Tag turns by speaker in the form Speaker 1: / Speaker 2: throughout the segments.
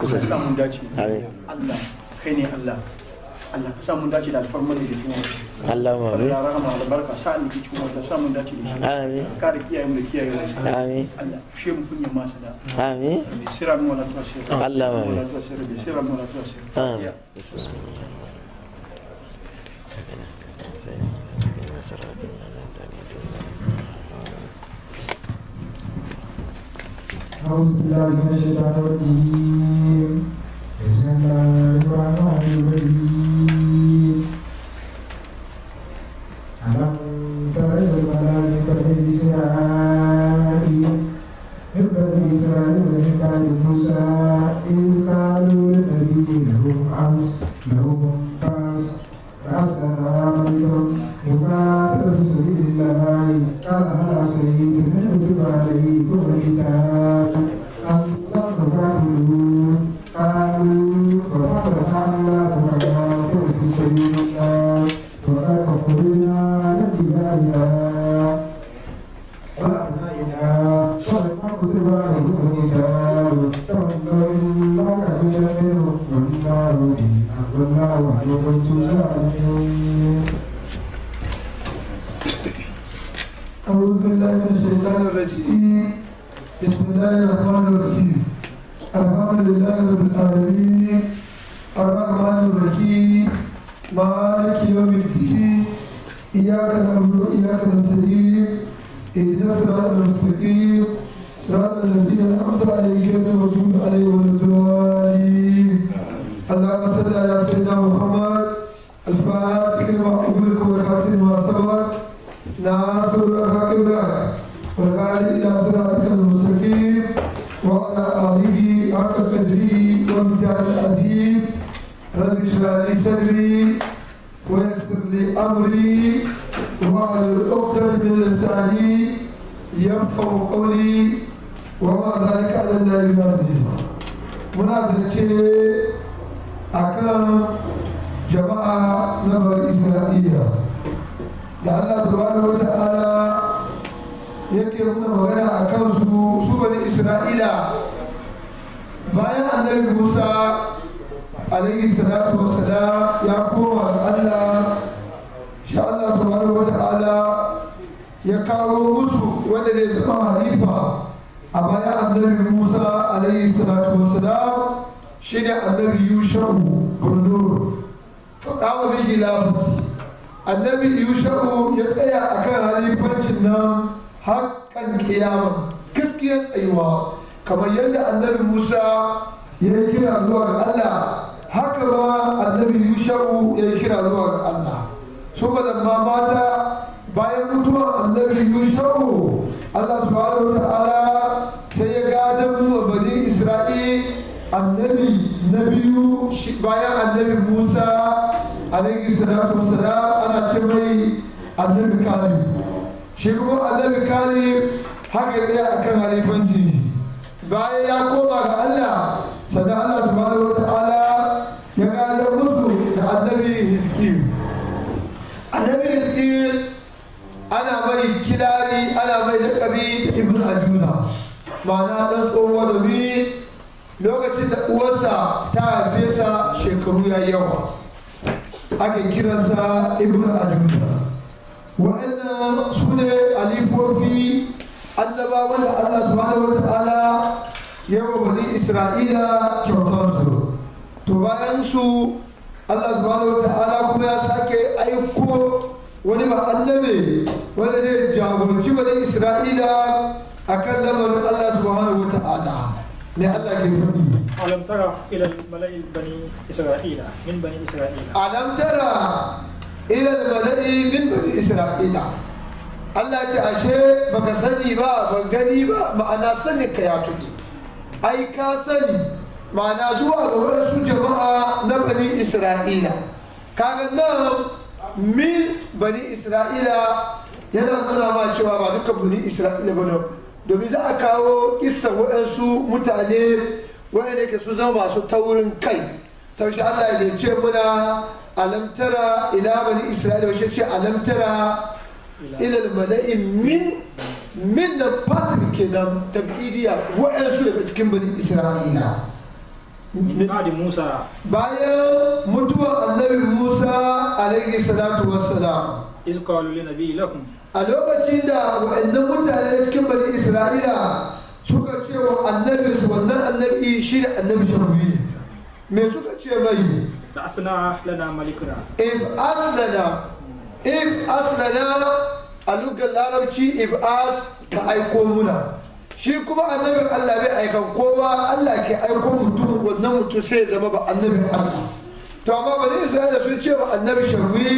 Speaker 1: kusa Allah mun dace amin
Speaker 2: Allah kai ne Allah Allah ka mun dace da alfarma da jikin wata
Speaker 3: Allah ma amin Allah rahama
Speaker 2: albarka sa ni cikin wata sa mun dace da shi amin da kiyaye mu da kiyaye wasa amin Allah fiye mu kunya masa da amin sira mu wala tasir Allah ma amin sira mu wala
Speaker 3: tasir amin أعوذ بالله من الشيطان الرجيم
Speaker 4: يشرح لي صدري ويسر لي أمري واحلل عقدة من لساني يفقه قولي وما ذلك على الله بعزيز muna zance a kan jama'a na isra'ila da allah subhanahu wa ta'ala yake muna magana a kansu su bani isra'ila bayan annabi musa alaihi salatu wassalam ya koma Allah sha Allah subhanahu wata'ala ya kawo musu wanda zai zama halifa a bayan annabi Musa alaihi salatu wassalam shine annabi Yusha'u bin faɗawa bihi lafati annabi yusha'u ya tsaya akan halifancin nan haƙƙan ƙiyama gaskiyar tsayuwa kamar yadda annabi musa ya kira zuwa ga allah haka ma annabi yusha'u ya yi kira zuwa ga Allah saboda ma mata bayan mutuwar annabi yusha'u Allah subhanahu wa ta'ala sai ya gadon wa bani isra'i annabi na biyu bayan annabi musa alaihi salatu wasalam ana ce mai annabi kalim shi kuma annabi kalim haka ya tsaya akan halifanci bayan ya koma ga Allah sannan Allah subhanahu wa ma'ana dan tsohuwa domin lokacin da uwarsa ta haife sa shekaru ya yawa ake kiransa ibn ajuda wa'annan su ne alifofi annabawan da allah subhanahu wa ta'ala wa bani isra'ila su to bayan su allah subhanahu wa ta'ala kuma ya sake aiko wani ba zabe wanda ne jagoranci bani isra'ila أكل لمن الله سبحانه وتعالى لأله يفهمني ألم ترى إلى الملأ بني إسرائيل من بني إسرائيل ألم ترى إلى الملأ من بني إسرائيل الله تعشي بكسني با بكني با معنا سني كياتني أي كاسني معنا زوا ورسو جماعة نبني إسرائيل كان نعم من بني إسرائيل يلا نعم ما شوى بني إسرائيل بنو domin za a kawo isan waɗansu mutane waɗanda ke su zama masu taurin kai sau shi Allah ya ce muna alamtara ila bani isra'ila wace ce alamtara ilal mala'i min min da ke kenan tabidiyya waɗansu daga cikin bani isra'ila bayan mutuwar annabi musa alaihi salatu wassalam iz qalu li nabiyyi lakum لوكاشين داو النموت على الاسكن بني اسرائيل سوكا تشيو النبي سوكا النبي يشيل النبي شربي مي سوكا تشيو مي اصلنا احلنا ملكنا اب اصلنا اب اصلنا الوك الاربشي اب اص كاي كومونا شي كوبا النبي الله بي اي كان كوبا الله كي اي كومتو ونموتو سي زمبا النبي الله تمام بني اسرائيل سوكا النبي شربي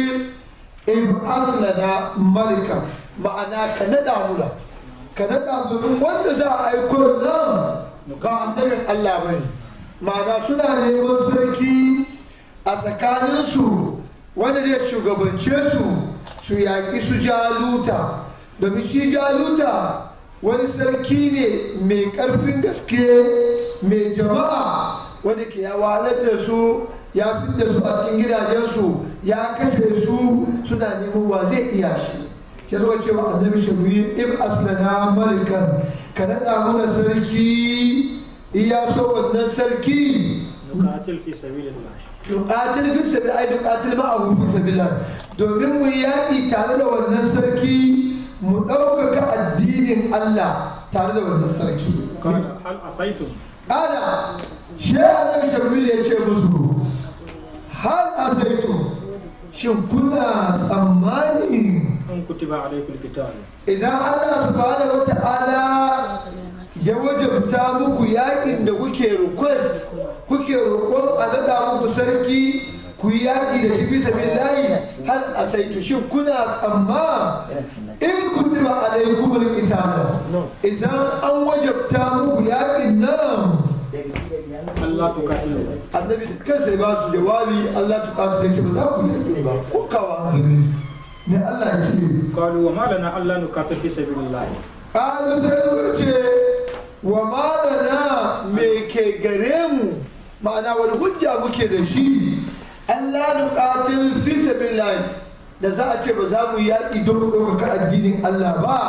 Speaker 4: In na malika ma'ana ka naɗa mula ka naɗa domin wanda za a aiko nan ga annabin Allah bai ma'ana suna neman sarki a tsakaninsu wanda zai shugabance su su yaƙi su jaluta domin shi jaluta wani sarki ne mai ƙarfin gaske mai jama'a wanda ke ya da su ya fi da su a cikin gidajensu ya kashe su suna neman wa zai iya shi ya zuwa cewa annabi shabuyi in aslana malikan ka naɗa mana sarki iya so wannan sarki nukatil fi sabilillah nukatil fi sabilillah ai nukatil ma abu fi sabilillah domin mu yaƙi tare da wannan sarki mu ɗaukaka addinin Allah tare da wannan sarki kana hal asaitum ana shi annabi shabuyi ya ce musu hal asaitum shin kuna tsammani in kutiba alaikul kitab idan Allah subhanahu ya wajabta muku yakin da kuke request kuke roƙon a nada muku sarki ku yi yaƙi da shi layi, har a asaitu shin kuna tsamma in kutiba alaikumul kitab idan an wajabta muku yaƙin nan Allah tuqatilu annabi da kansa ya ba su jawabi Allah tuqatilu ce ba za ku yi ba ko kawa ne Allah ya ce qalu wa ma lana Allah nuqatilu fi sabilillah qalu sai ce wa ma lana me ke gare mu ma'ana wani hujja muke da shi Allah nuqatilu fi sabilillah da za a ce ba za mu yaƙi don mu ɗaukaka addinin Allah ba.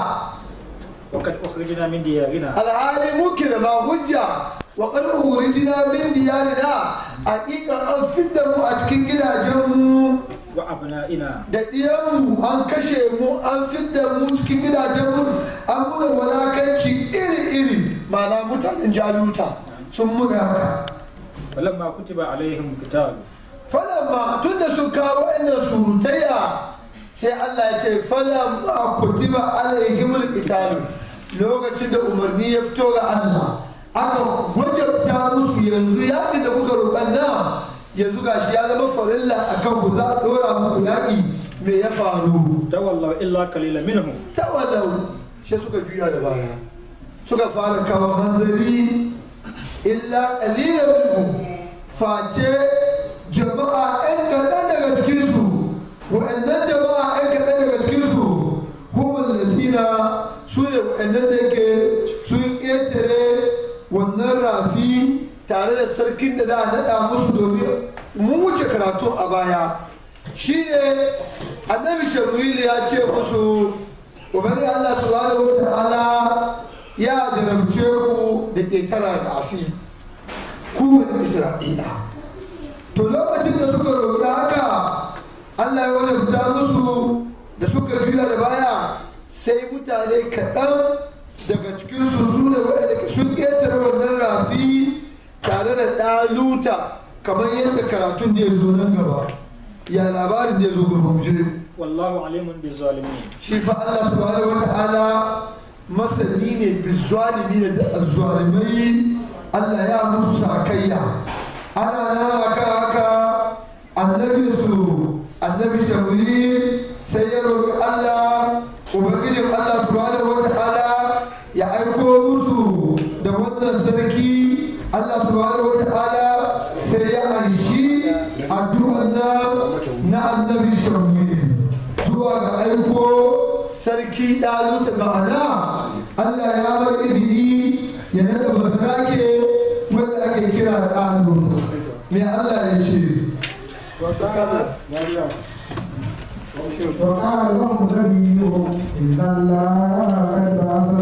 Speaker 4: Wakat ukhrijna min diyarina. Alhali muke da ba hujja wa qad urijna min diyarina haqiqa an fidda mu a cikin gidajenmu
Speaker 3: wa abna'ina
Speaker 4: da diyanmu an kashe mu an fidda mu an muna walakanci iri-iri ma'ana mutanen jaluta sun muna haka
Speaker 3: falamma kutiba alaihim
Speaker 4: kitabu falamma tunda su kawo inda surutayya sai Allah ya ce falamma kutiba lokacin da umarni ya fito ga Allah aka wajabta musu yanzu ya da kuka roƙan na yanzu gashi ya zama farilla a kan ku za a ɗora muku yaƙi me ya faru tawallau illa kalila minhum tawallau shi suka juya da baya suka fara kawo hanzari illa kalila minhum face jama'a 'yan kaɗan daga su wa'annan jama'a 'yan kaɗan daga su kuma da su ne wa'annan da yake wannan rafi tare da sarkin da za a naɗa musu domin mu wuce karatu a baya shi ne annabi shamuil ya ce musu ubangiji allah su subhanahu wa ala ya jarabce ku da ke tara rafi kuwan isra'ila to lokacin da suka roƙi haka allah ya fita musu da suka juya da baya sai mutane kaɗan daga cikin su su ne waɗanda sun ƙetare wannan rafi tare da ɗaluta kamar yadda karatun da ya zo nan gaba ya labarin da ya zo gaba mu je wallahu alimun bi zalimin shi fa Allah subhanahu wata'ala masani ne bi zalimin da azzalimai Allah ya mutu sakayya ana nan haka haka annabi su annabi shamuri sai ya roƙi Allah ubangijin Allah subhanahu shi ɗalu da ma'ana Allah ya bar izini ya nada basake wanda ake kira ɗalu me Allah ya ce وقال لهم
Speaker 3: نبيهم إن الله قد بعث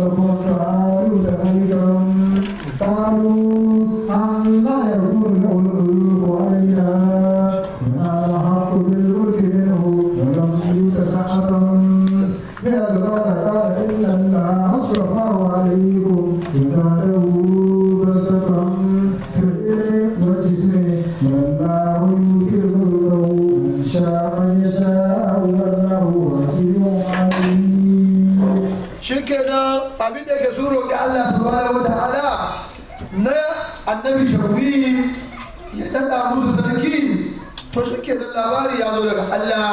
Speaker 4: ke da labari ya zo daga Allah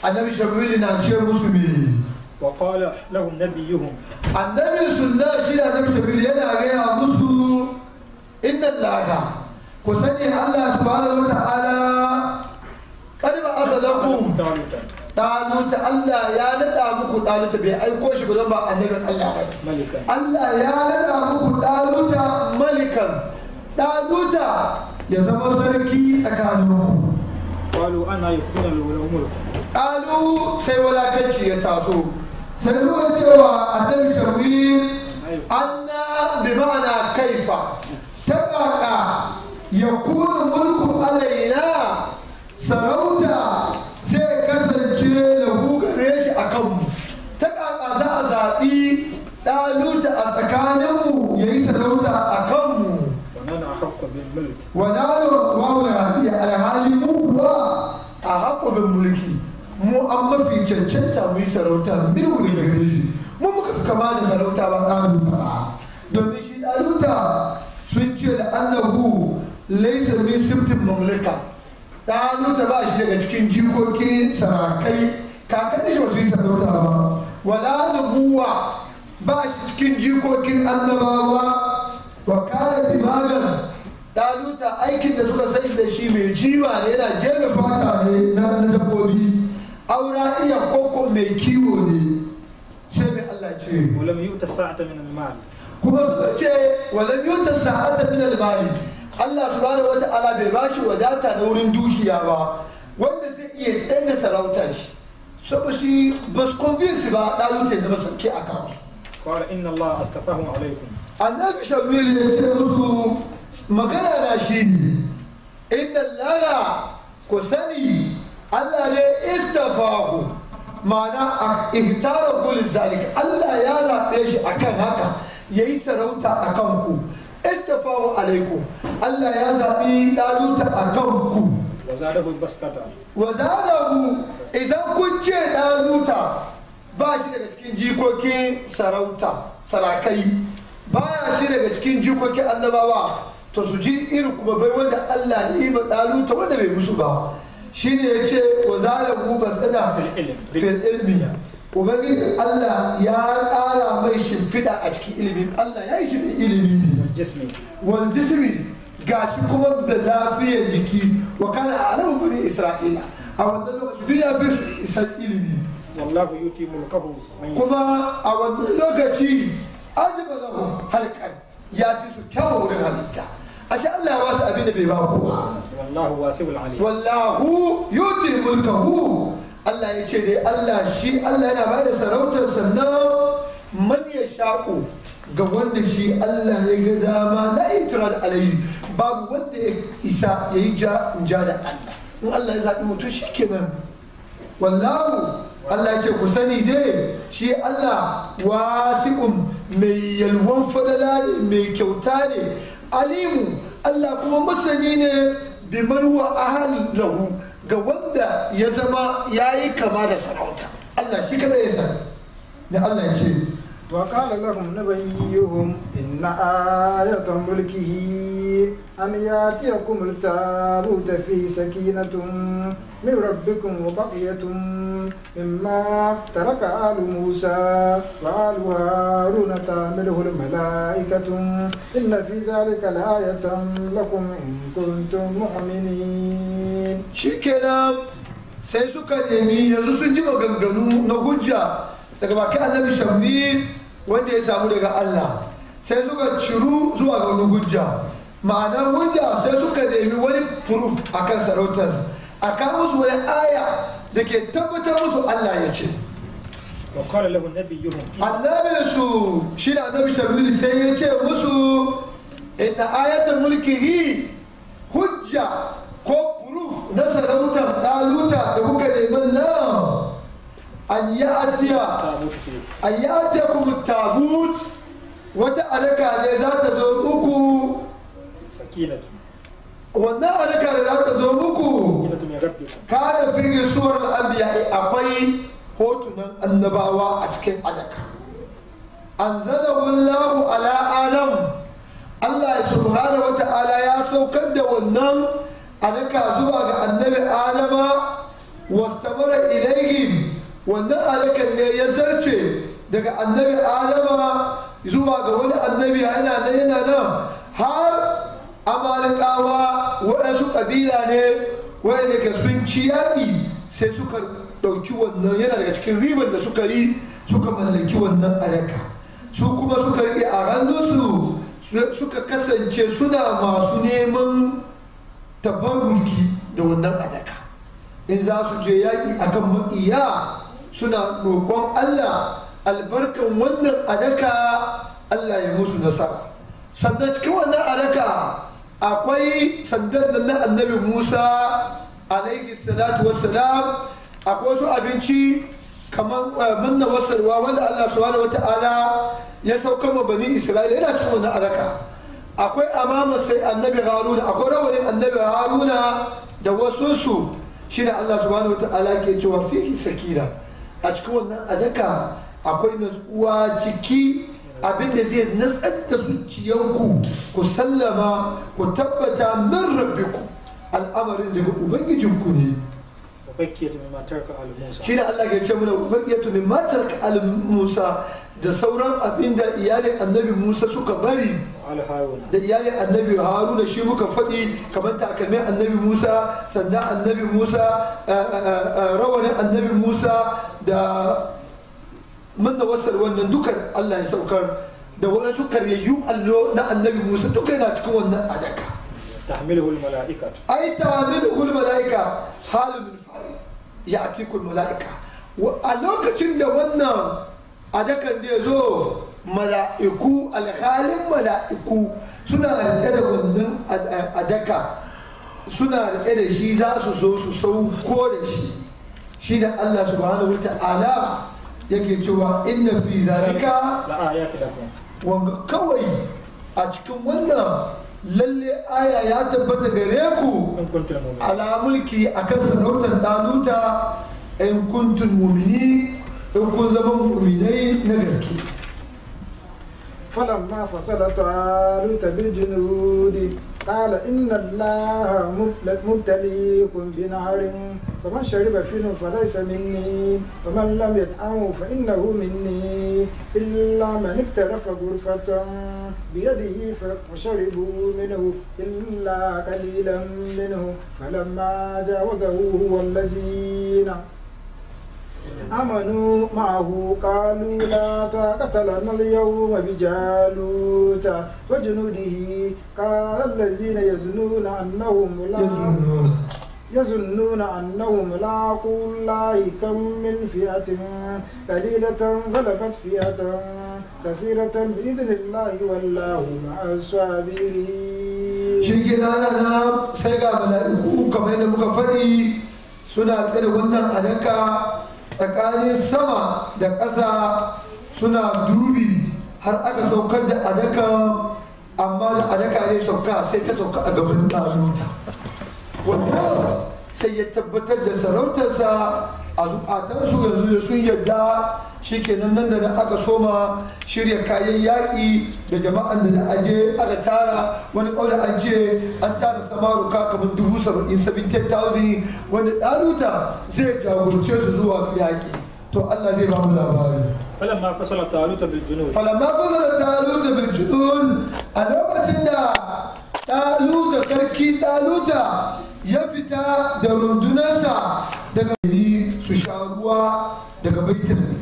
Speaker 4: annabi shabuili na ce musu me wa qala lahum nabiyuhum annabi sallallahu shi da annabi shabuili yana gaya musu inna laka ku sani Allah subhanahu wa ta'ala kada ba asalakum ɗaluta Allah ya naɗa muku ɗaluta bai aiko shi gudun ba annabin Allah ba Allah ya naɗa muku ɗaluta malikan ɗaluta ya zama sarki tsakaninku قالوا أنا يكون الأمر قالوا سيولا كنشي يتاسو سنقول سيوا na شويل أن بمعنى كيف تبقى يكون ملك علينا sarauta zai kasance lahu gare shi a kanmu ta kaka za a zaɓi ɗaluta a tsakaninmu ya yi sarauta a kanmu cancanta mu yi sarauta milgurin gare shi mun muka fi kama da sarauta ba ɗaluta ba domin shi ɗaluta sun ce da annabu laisa min siftin mamlaka ɗaluta ba shi daga cikin jikokin sarakai kakan da shi wasu yi sarauta ba wala buwa ba shi cikin jikokin annabawa wa kala dimagan ɗaluta aikin da suka sai da shi mai jiwa ne yana jera fata ne na dabbobi aura iya koko mai kiwo ne sai mai Allah ce walam yuta sa'ata min al-mal kuma suka ce walam yuta sa'ata min al-mal Allah subhanahu wata'ala bai bashi wadata da wurin dukiya ba wanda zai iya tsaye da sarautar shi saboda shi ba su convince ba dalu zama sauke a kan su qala inna Allah
Speaker 2: astafahu alaykum
Speaker 4: annabi shamil ya ce musu magana na shi ne inna Allah ku sani Allah ne istafahu ma'ana ihtara kulli zalik Allah ya zaɓe shi akan haka yayi sarauta akan ku istafahu alaikum Allah ya zaɓi ɗaluta akan ku wa zalabu idan kun ce ɗaluta ba shi daga cikin jikokin sarauta sarakai baya shi daga cikin jikokin annabawa to su ji irin kuma bai wanda Allah ya yi ma ɗaluta wanda bai musu ba shine ya ce wa zalabu basada fil ilmi ubangi Allah ya ƙara mai shimfiɗa a cikin ilimi Allah ya yi shi da ilimi ne wal jismi shi kuma da lafiyar jiki wa kana alamu bani isra'ila a wannan lokaci duk ya fi isan ilimi wallahu yuti mulkahu kuma a wannan lokaci ajibalahu halqan ya fi su kyawu wurin halitta ashe Allah wasu abin da bai ba ku wallahu wallahu yuti mulkahu Allah ya ce dai Allah shi Allah yana bada sarautar sannan man ya sha'u ga wanda shi Allah ya ga dama la itirar alayhi babu wanda ya isa ya yi ja in ja da Allah in Allah ya zaɓi mutum shi kenan wallahu Allah ya ce ku sani dai shi Allah wasi'un mai yalwan fadala ne mai kyauta ne alimu Allah kuma masani ne bi manuwa ahal lahu ga wanda ya zama yayi kama da sarauta Allah shi kada ya sani da Allah ya ce وقال لهم نبيهم إن
Speaker 3: آية ملكه أن يأتيكم التابوت في سكينة من ربكم وبقية مما ترك آل موسى وآل هارون تعمله الملائكة إن في ذلك لآية لكم إن كنتم مؤمنين
Speaker 4: شكرا سيسوكا يمين nemi yanzu sun ji daga bakin annabi shammi wanda ya samu daga Allah sai suka ciru zuwa ga wani hujja ma'ana hujja sai suka nemi wani proof kan sarautar a kan musu wani aya da ke tabbatar musu Allah ya ce annabin su shi da annabi shammi sai ya ce musu inna ayatul mulkihi hujja ko proof na sarautar daluta da kuka neman nan an ya'tiya an ya'tiya kuma wata alaka ne za ta zo muku wannan alaka da za ta zo muku kada fi suwar al'abiya akwai hotunan annabawa a cikin alaka anzalahullahu ala alam Allah subhanahu wa ta'ala ya saukar da wannan alaka zuwa ga annabi adama wastamara ilaihim wannan alakan ne ya zarce daga annabi adama zuwa ga wani annabi yana nan yana nan har amalikawa waɗansu ƙabila ne waɗanda ke sun ci yaƙi sai suka ɗauki wannan yana daga cikin ribar da suka yi suka mallaki wannan alaka su kuma suka yi a hannunsu suka kasance suna masu neman tabarruki da wannan alaka in za su je yaƙi akan maƙiya suna roƙon Allah albarkan wannan adaka Allah ya musu nasara sannan cikin wannan adaka akwai sandan na annabi Musa alaihi salatu wassalam akwai wasu abinci kamar eh, manna wasarwa wanda Allah subhanahu ta'ala ya sauka ma bani Isra'ila yana cikin wannan adaka akwai amama sai annabi haruna akwai rawanin annabi haruna da wasu su shi da allah subhanahu wa ta'ala ke cewa fihi sakira a cikin wannan adaka akwai natsuwa ciki abinda zai nasar da zuciyanku ku sallama ku tabbata min rabbiku al'amarin daga ubangijinku ne shi da Allah ya ce mana ubangijinku min matarka al-musa da sauran abin da iyalin annabi musa suka bari da iyalin annabi haruna shi muka faɗi kamar takalmin annabi musa sannan annabi musa eh, eh, eh, rawanin annabi musa da manna wasar wannan dukan allah ya saukar da waɗansu karyayyu allo na annabi musa duka yana cikin wannan adaka tahmiluhul mala'ika ai tahmiluhul mala'ika halul min fa'i ya'tikul mala'ika a lokacin da wannan a dakan zai zo mala'iku alhalin mala'iku suna riƙe da wannan daka suna riƙe da shi za su zo su sauko da shi shi da Allah subhanahu wa ta'ala yake cewa inna fi zalika wanga kawai a cikin wannan lalle aya ya tabbata gare ku ala mulki akan sarautar daluta in kuntun mumini in kun zama mu'minai na
Speaker 3: فلما فصل طالوت بالجنود قال إن الله مبتليكم بنار فمن شرب فيه فليس مني ومن لم يطعمه فإنه مني إلا من اكترف غرفة بيده فشربوا منه إلا قليلا منه فلما جاوزه هو الذين Amanu maahu kalula ta ƙatalannan yau ma bi ja luta ba junu da hi ka zan min fyaɗe ta rila tan galabar fyaɗe wallahu ma asu abin hi.
Speaker 4: Shin ke da al'adar sai ga abu na suna tsere tsakanin sama da ƙasa suna dubi har aka saukar da adaka amma da adaka ne sauka sai ta sauka a gaban taluta wanda sai ya tabbatar da sarautarsa a zukatansu yanzu da sun yadda shikenan nan da nan aka soma shirya kayan yaƙi da jama'an da aje aka tara wani ƙaunar an ce an tara samaruka kamar dubu saba'in seventeen thousand wanda ɗaluta zai jagorce su zuwa yaƙi to Allah zai ba mu labari. فلما فصل طالوت بالجنود فلما فصل طالوت بالجنود a lokacin da ɗaluta sarki ɗaluta ya fita da rundunarsa daga su sha ruwa daga baitul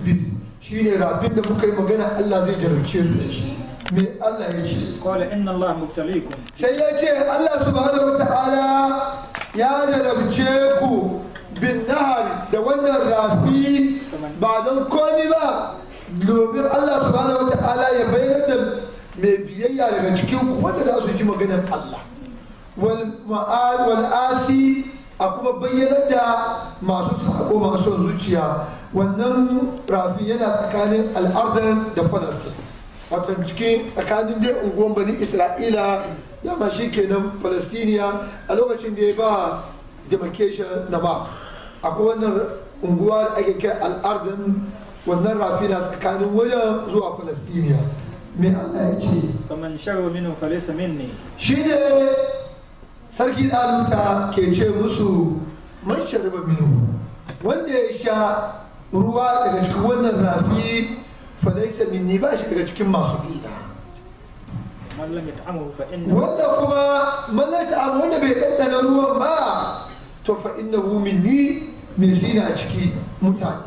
Speaker 4: shine rafin da muka yi magana Allah zai jarumce su da shi me Allah ya ce inna Allah sai ya ce Allah subhanahu wataala ya jarumce ku bin nahar da wannan rafi ba don komi ba domin Allah subhanahu wataala ya bayyana da mai biyayya daga cikin ku wanda za su ji maganar Allah wal asi a kuma bayyana da masu sako masu zuciya wannan rafi yana tsakanin al'adar da palestine wato cikin tsakanin dai unguwan bani isra'ila dama shi kenan falastiniya a lokacin da ya ba demarcation na ba akwai wannan unguwa da ake kai al'adar wannan rafi na tsakanin wajen zuwa falastiniya mai allah ya ce kamar sharwa minu falisa ne. shi ne sarki ɗalinta ke ce musu mai sharwa minu wanda ya sha ruwa daga cikin wannan rafi falaisa minni ba shi daga cikin masu bina wanda kuma mallaka amu wanda bai ɗanɗana ruwan ba to fa inna hu minni min shi na ciki mutane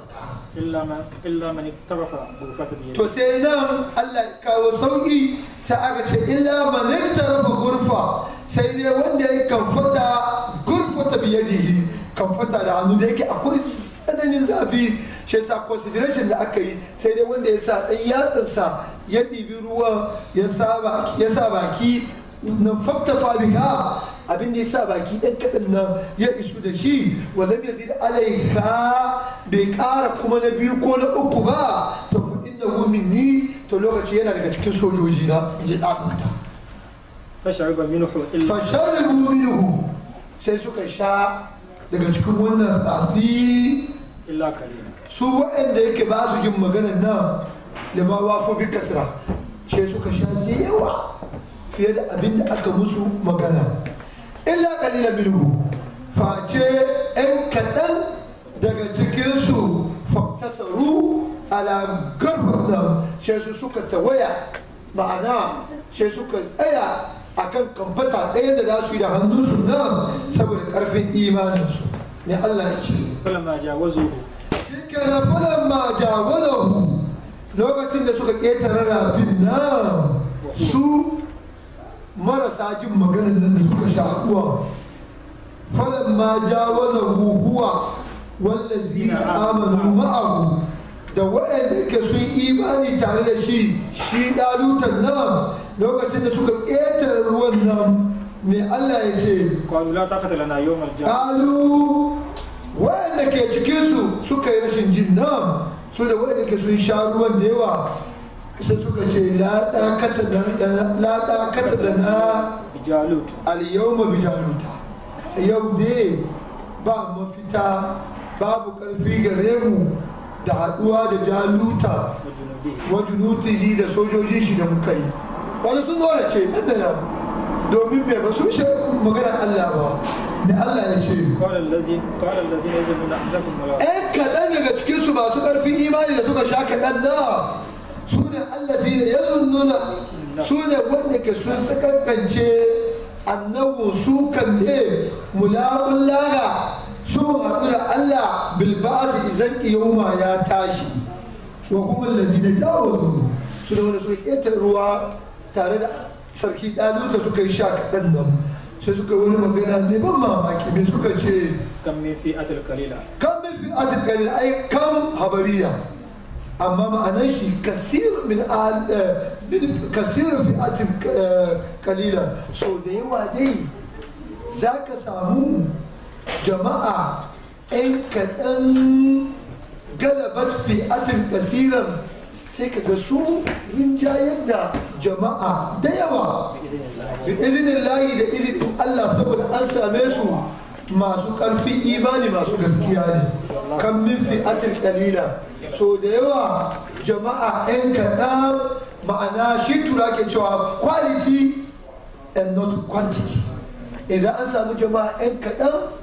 Speaker 4: illa man iktarafa ghurfatan yadi to sai nan Allah ya kawo sauki ta aka ce illa man iktarafa ghurfa sai dai wanda ya kamfata ghurfata bi yi kamfata da hannu da yake akwai tsananin zafi shi yasa consideration da aka yi sai dai wanda ya sa ɗan yatsansa ya ɗibi ruwan ya sa baki na fakta fabika abin da ya sa baki ɗan kaɗan nan ya isu da shi wanda ya zai alaika bai ƙara kuma na biyu ko na uku ba ta fa inna ni to lokaci yana daga cikin sojoji na ya ɗaɗuta fasharibu minhu sai suka sha daga cikin wannan tsafi illa kalila su waɗanda yake ba su jin magana na lima wafu bi kasra ce suka sha da yawa fiye da abin da aka musu magana illa kalila minhu face yan kaɗan daga cikinsu faktasaru ala garfar nan ce su suka tawaya ma'ana ce suka tsaya akan kamfata ɗaya da za su yi da hannunsu nan saboda ƙarfin imaninsu ne Allah ya ce. shi kenan falon jawalahu lokacin da suka ƙetare rabin nan su marasa jin maganin nan da suka sha'uwa falon ma jawalahu huwa wallazina amanu ma'ahu da waɗanda ke sun imani tare da shi shi ɗalutan nan lokacin da suka ƙetare ruwan nan me Allah ya ce ƙwazo wa'anda ke cikinsu suka yi rashin jin nan su da wa'anda ke sun sha ruwan da yawa sai suka ce lada kata da na alyawma bijaluta yau ne ba mafita babu ƙarfi gare mu da haɗuwa da jaluta wa junutihi da sojojin shi da muka yi wani sun zo da ce domin me ba su magana Allah ba da Allah ya ce ƴan kaɗan daga cikinsu masu ƙarfin imani da suka sha kaɗan da su ne Allah zai ya zunnuna su ne wanda ke sun tsakankance annabu su kan ɗe mulaƙun lara sun haɗu da Allah bilba'asu izan iyoma ya tashi wa kuma lazi da jawo su da wanda su ƙetar ruwa tare da sarki ɗalu da suka yi sha kaɗan nan sai suka wani magana ne ban mamaki me suka ce Kan min fi atil kalila kam min fi atil kalila ai habariya amma ma'anar shi kasir min eh, kasir fi atil kalila eh, so da yawa dai za ka samu jama'a 'yan kaɗan galabar fi atil kasirar sai ka ga sun rinjayar da jama'a da yawa da izinin layi da izinin Allah saboda an same su masu ƙarfi imani masu gaskiya ne kan min fi'atin kalila so da yawa jama'a 'yan kaɗan ma'ana shi tura ke cewa quality and not quantity idan an samu jama'a 'yan kaɗan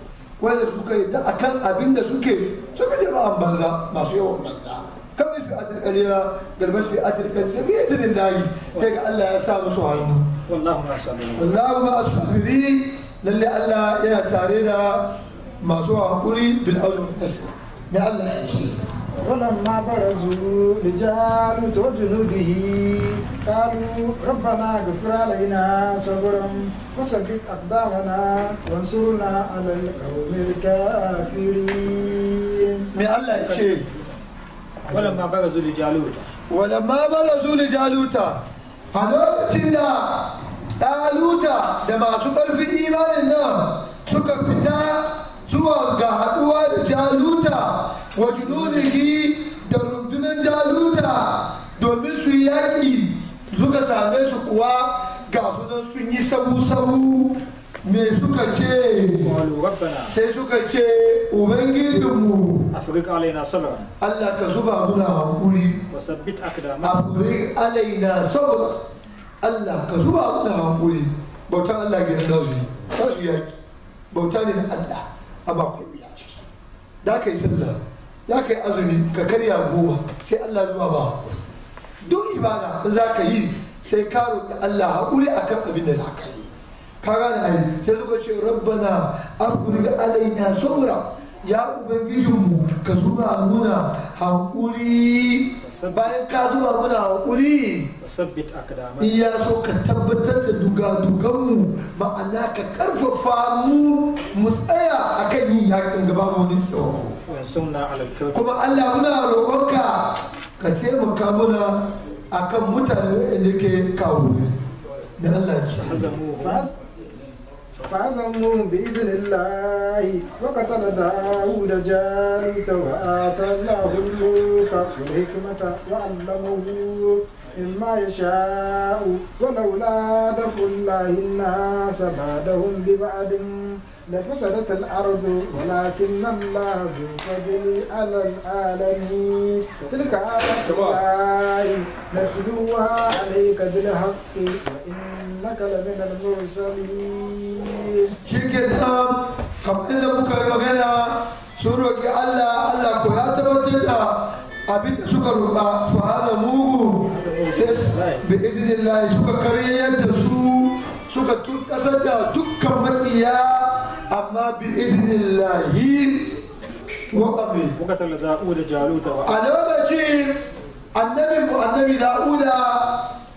Speaker 4: wanda suka yi da akan abin da suke suka jama'an banza masu yawan banza kawai fi'atul qalila da masfi'atul kasir bi idnillahi sai ga Allah ya sa musu hannu wallahu ma sabirin wallahu ma sabirin lalle Allah yana tare da masu hakuri bil awl kasir ne Allah ya ce ولما
Speaker 3: برزوا لجالوت وجنوده قالوا ربنا اغفر علينا صبرا وثبت اقدامنا وانصرنا على القوم
Speaker 4: الكافرين. من الله شيء walamma barazu li jaluta jaluta a lokacin da ɗaluta da masu ƙarfin imanin nan suka fita zuwa ga haɗuwa da jaluta wa jununihi da rundunar jaluta domin su yaƙi suka same su kuwa ga sunan sun yi sabu-sabu me suka ce sai suka ce ubangijinmu afirka Allah ka zuba muna hankuri wasabbit akdama afirka alaina sabra Allah ka zuba muna hankuri bautan Allah ga da su za su yaki bauta ne na Allah amma kai wuya ciki da kai sallah ya kai azumi ka karya goma sai Allah zuwa ba duk ibada za ka yi sai ka roƙi Allah haƙuri akan abin da za ka yi ka ai sai suka ce rabbana afrig alaina sabura ya ubangijinmu ka zuba muna hankuri bayan ka zuba muna hankuri iya so ka tabbatar da duka-dukanmu ma'ana ka karfafa mu mu tsaya kan yin yakin gaba wani kuma allah muna roƙonka ka taimaka muna kan mutane da ke kawo ne allah ya فعزمهم بإذن الله
Speaker 3: وقتل داود جاروت وآتى الله الملك والحكمة وعلمه مما يشاء ولولا دفع الله الناس بعدهم ببعد لفسدت الأرض ولكن الله ذو فضل على العالمين تلك آيات الله نتلوها عليك بالحق وإنك
Speaker 4: لمن المرسلين شكرا kamar قبل muka yi magana sun الله Allah Allah ko ya tabbatar da abin sai da izinin layi suka karyar da su suka tun kasar da dukkan amma bi izinin layi wakami a lokacin annabin mu annabi da'uda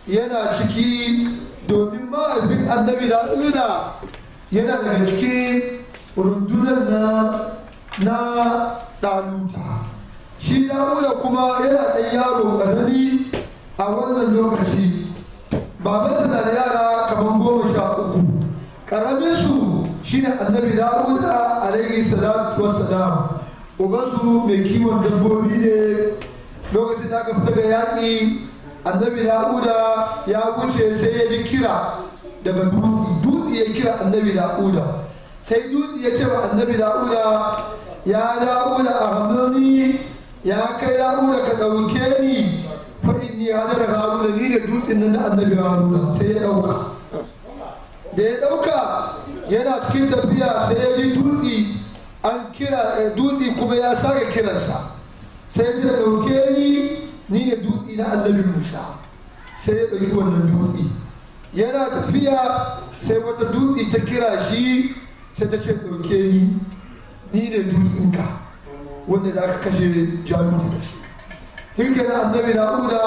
Speaker 4: yana ciki domin ma'aifin annabi da'uda yana daga cikin rundunar na na ɗaluta shi da'uda kuma yana ɗan yaro ƙarami a wannan lokaci babansa na da yara kamar goma sha uku ƙaramin su shine annabi dawuda alaihi salatu wassalam ubansu mai kiwon dabbobi ne lokacin da aka fita ga yaƙi annabi da'uda ya wuce sai ya ji kira daga dutse dutse ya kira annabi da'uda. sai dutse ya ce wa annabi da'uda ya da'uda a hamdani ya kai da'uda ka ɗauke ni ya da haruna ni ne dutsen nan na annabi haruna sai ya ɗauka da ya ɗauka yana cikin tafiya sai ya ji dutse an kira eh, dutse kuma ya sake kiransa sai ya ɗauke ni ni ne dutse na annabi musa sai ya ɗauki wannan dutse yana tafiya sai wata dutse ta kira shi sai ta ce ɗauke ni ni ne dutsenka wanda za ka kashe jami'a da su hinkali annabi da'uda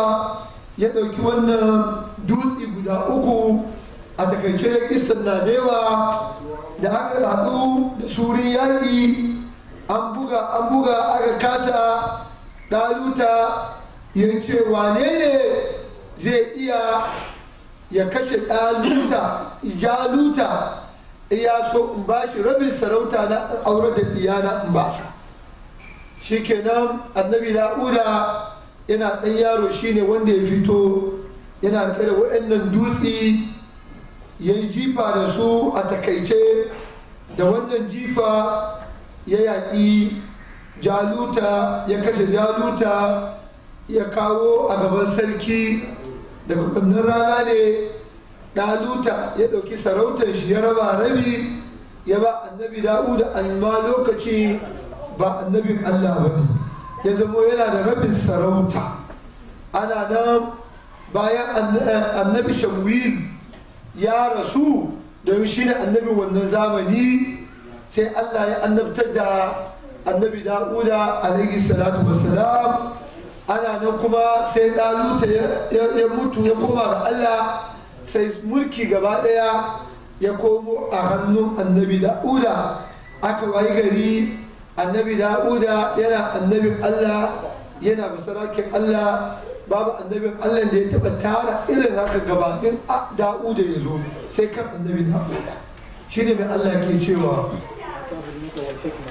Speaker 4: ya ɗauki wannan dutse guda uku a takaice da kisan na da aka haɗu da surin yaƙi an buga an buga aka kasa ɗaluta ya ce wane ne zai iya ya kashe ɗaluta jaluta iya so in ba shi rabin sarauta na aure da iyana in ba sa kenan annabi la'uda yana ɗan yaro shine wanda ya fito yana ɗaya wa'annan dutsi ya yi jifa da su a takaice da wannan jifa ya yaƙi jaluta ya kashe jaluta ya kawo a gaban sarki daga wannan rana ne ɗaluta ya ɗauki sarautar shi ya raba rabi ya ba annabi da'u da amma lokaci ba annabin allah ba ne ya zama yana da rabin sarauta ana nan bayan eh, annabi shamwil ya rasu don shi ne annabi wannan zamani sai allah ya annabtar da annabi da'uda a salatu wassalam ana nan kuma sai ɗaluta ya mutu ya koma ga allah sai mulki gaba ɗaya ya komo a hannun annabi da'uda aka wayi gari annabi da'uda yana annabin allah yana masarakin allah babu annabin allah da ya taba tara irin haka gabanin da'uda ya zo sai kan annabi da'uda shi ne mai allah ke cewa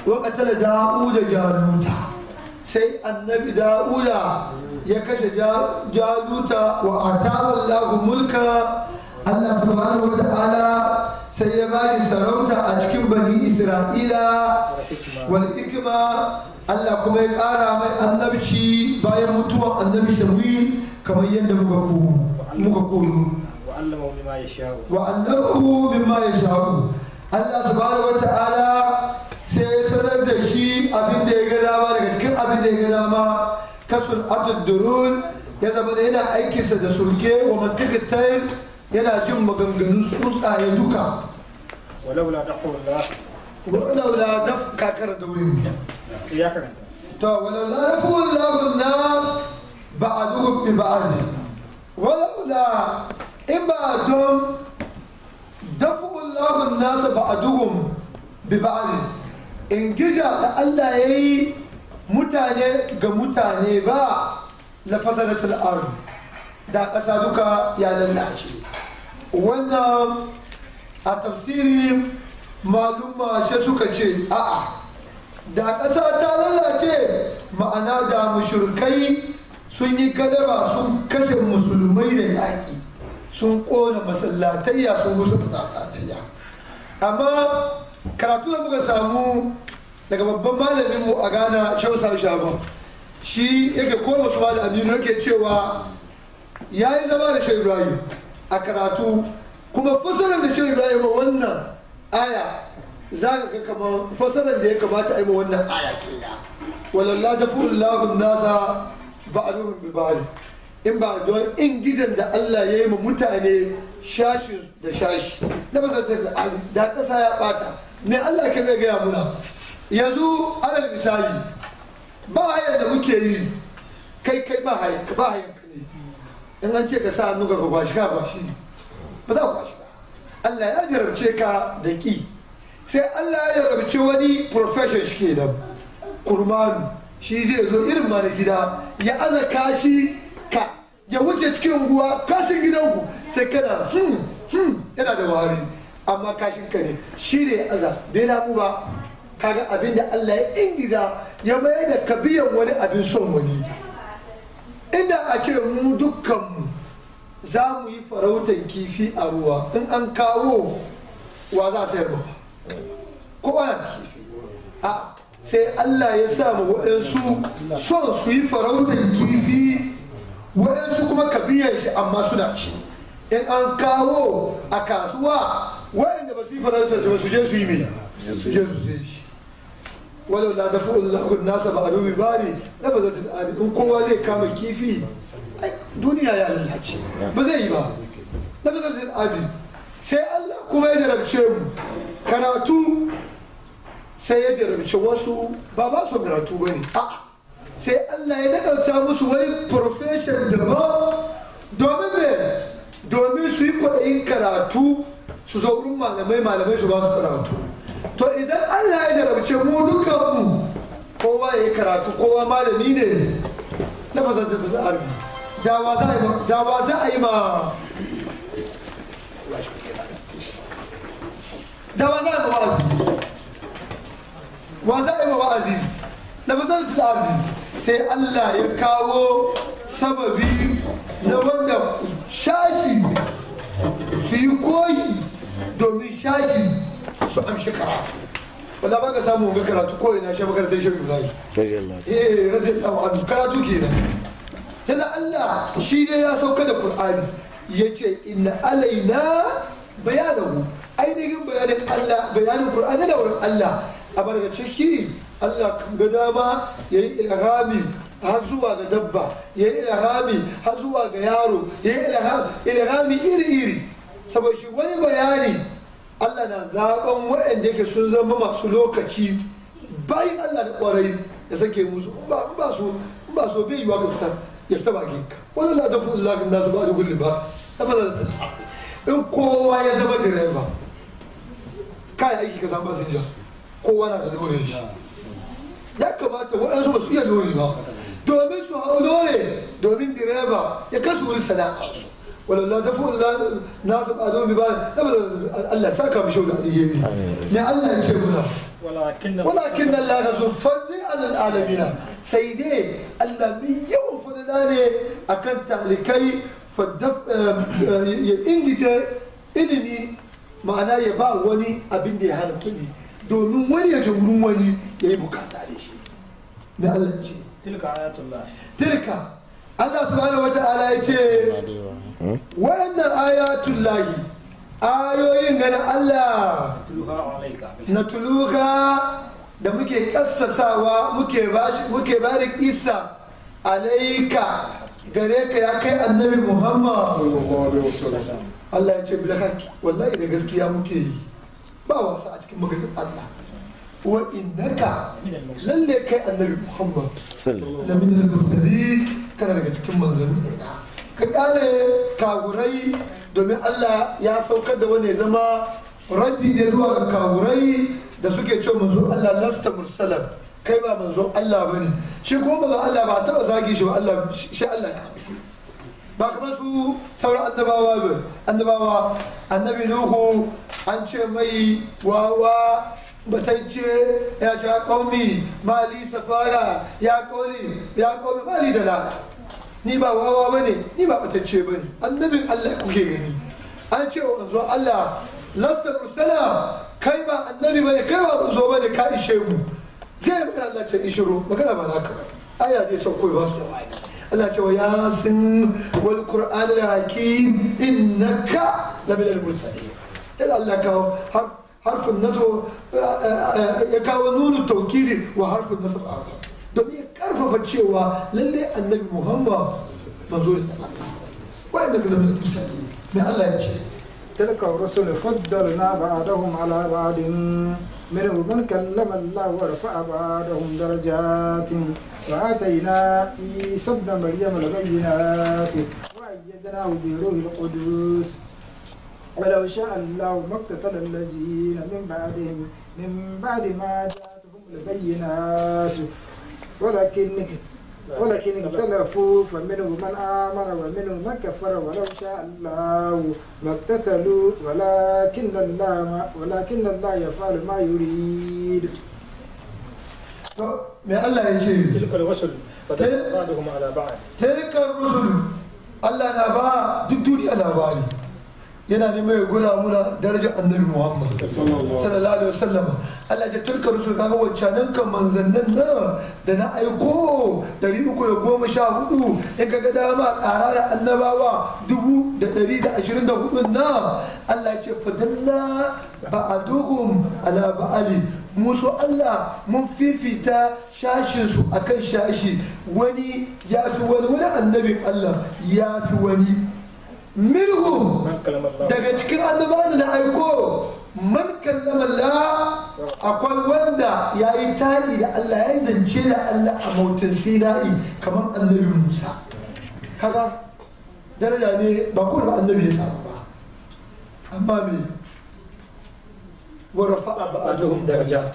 Speaker 4: wakatala da'uda jaluta sai annabi da'uda ya kashe jaluta wa atawa mulka allah subhanahu wa ta'ala sai ya ba shi sarauta a cikin bani isra'ila wal hikima Allah kuma ya kara mai annabci bayan mutuwar annabi shamil kamar yadda muka kuru wa
Speaker 2: allamahu mimma
Speaker 4: ya sha'u Allah subhanahu wa ta'ala sai ya sanar da shi abin da ya ga dama daga cikin abin da ya ga dama kasul atud durun ya zama da yana aikinsa da surge wa mantiqat yana jin maganganun ya duka walaula dafa'ullah walaula daf kakar da wurin ya karanta to walaula ba a ba'aduhum bi ba'd walaula ibadun ba a ba'aduhum bi ba'd in gija da Allah ya yi mutane ga mutane ba la fasadatul ardh da ƙasa duka ya lallace wannan a tafsiri malumma shi suka ce a'a da ƙasa ta lalace ma'ana da mushrikai sun yi kadara sun kashe musulmai da yaƙi sun ƙona masallatayya sun musu masallatayya amma karatu da muka samu daga babban malaminmu a ghana shausa shagon shi yake koma su aminu yake cewa ya yi zama da shehu ibrahim a karatu kuma fasarar da shehu ibrahim wannan aya za ka ga kamar fasarar da ya kamata a yi wannan aya ke ya walalla da lagun nasa ba a nuhun bibali in ba don in gidan da Allah ya yi ma mutane shashi da shashi na fasar da da kasa ya ɓata ne Allah ka mai gaya muna yanzu alal misali ba hayan da muke yi kai kai ba hayan in an ce ka sa hannu ka kwashi ka kwashi ba za ku kwashi ba Allah ya jarabce ka da ki sai Allah ya jarabce wani profession shi ke nan kurmanu shi zai zo irin ma na gida ya aza kashi ka ya wuce cikin unguwa kashin gidanku sai kana hmm hmm yana da wari amma kashin ka ne shi ne aza bai labu ba kaga abin da Allah ya ingiza ya mayar da kabiyan wani abin son wani inda a ce mu dukkanmu za mu yi farautan kifi a ruwa in an kawo wa za a sayar ba ko ana kifi a sai Allah ya sa ma waɗansu son su yi farautan kifi waɗansu kuma kabiyar shi amma suna ci in an kawo a kasuwa waɗanda ba su yi farautan shi ba su je su yi mai su je su sai shi walau la dafa Allahu nasa ba alu bari na ba zata ali in zai kama kifi duniya ya lalace ba zai yi ba na ba zata sai Allah kuma ya jarabce mu karatu sai ya jarabce wasu ba ba karatu ba ne a sai Allah ya nakalta musu wai profession da domin suyi kwaɗayin karatu su zo wurin malamai malamai su ba karatu to idan allah ya jarabce mu mu kowa ya yi karatu kowa malami ne na fasanta ta arzi dawa za a yi ma dawa za a yi ma wa'azi wa za a yi ma wa'azi na fasanta ta arzi sai Allah ya kawo sababi na wanda shashi su yi koyi domin shashi su amshi karatu wala ba ka samu ga karatu ko ina shi makarantar shi ibrahim eh Allah an karatu kenan yanzu Allah shi ne ya sauka da Qur'ani yace inna alaina bayanahu ainihin bayanin Allah bayanin Qur'ani da wurin Allah a barkace ki Allah kan ga dama yayi ilhami har zuwa ga dabba yayi ilhami har zuwa ga yaro yayi ilhami iri iri saboda shi wani bayani Allah na zaben waɗanda yake sun zama masu lokaci bayan Allah da kwarai ya sake musu in ba so ba so bai yiwa ka fita ya taba baki wala la tafu lillahi nas ba da kulli ba tafaza in kowa ya zama direba kai aiki ka samu fasinja kowa na da lore shi ya kamata waɗansu ba su iya lore ba domin su hau lore domin direba ya kasu wani sana'a su ولولا دفع الله الناس بعضهم ببعض الله ساكا مشوا العليين ما الله يجيبنا ولكن ولكن الله ذو على العالمين سيدي الله ميو فضلاني أكنت لكي فالدف يندك ilimi ma'ana ya ba wani abin ya hana kuɗi domin wani ya wurin wani ya yi bukata da shi da Allah ce tilka ayatullah tilka Allah ta'ala ya ce wayannan ayatul lahi ayoyin gana Allah na tuluka da muke kassasawa muke ba da isa alaika gare ka ya kai annabi muhammad Allah ya ce bil haqi wallahi da gaskiya muke yi ba wasa a cikin maganin Allah wa innaka lalle kai annabi muhammad sallallahu alaihi wasallam kana daga cikin manzanni ka kyale kagurai domin Allah ya saukar da wani zama raddi ne zuwa ga kagurai da suke ce manzo Allah lasta mursalan kai ba manzo Allah bane shi ko manzo Allah ba taba zagi shi ba Allah shi Allah ya ba kamar su sauran annabawa ba annabawa annabi nuhu an ce mai wawa batance ya ce ya kaumi mali safara ya kauli ya kaumi mali da la ni ba wawa ba ne ni ba batacce ba ne annabin Allah kuke gani an ce wa manzo Allah lasta mursala kai ba annabi ba ne kai ba manzo ba ne ka ishe mu zai yi Allah ce ishiro magana ba naka aya dai sau kawai ba su Allah ce wa yasin wal qur'an hakim innaka na min al mursalin dan Allah kawo harfin nasr ya kawo nunu tawkiri wa harfin nasr a دمي karfafa cewa للي النبي محمد مزول وين wa'anda kula mai misali mai allah تلك
Speaker 3: الرسل فضلنا بعضهم على بعض منهم من كلم الله ورفع بعضهم درجات وآتينا عيسى ابن مريم البينات وأيدناه بروح القدس ولو شاء الله ما اقتتل الذين من بعدهم من بعد ما جاءتهم البينات ولكنك ولكن اختلفوا فمنهم من آمن ومنهم من كفر ولو شاء الله ما اقتتلوا ولكن الله ولكن الله يفعل ما يريد. ما الله يشير تلك
Speaker 4: الرسل
Speaker 2: بعضهم على بعض
Speaker 4: تلك الرسل الله نبا دكتوري على بالي yana neman ya gura muna darajar annabi Muhammad sallallahu alaihi wasallam Allah ya turka rusul kaga wancanan kan manzannin nan da na aiko 314 in kaga dama ƙara da annabawa 124 na? Allah ya ce fadalla ba'aduhum ala ba'ali musu Allah mun fifita shashinsu su akan shashi wani ya fi wani wani annabin Allah ya fi wani minhum daga cikin annabawan da na aiko man kallama Allah akwai wanda ya yi taɗi da Allah ya yi zance da Allah a mautin sina'i kamar annabi Musa kaga daraja ne ba kowane annabi ya samu ba amma me wara fa'a ba a dahun daraja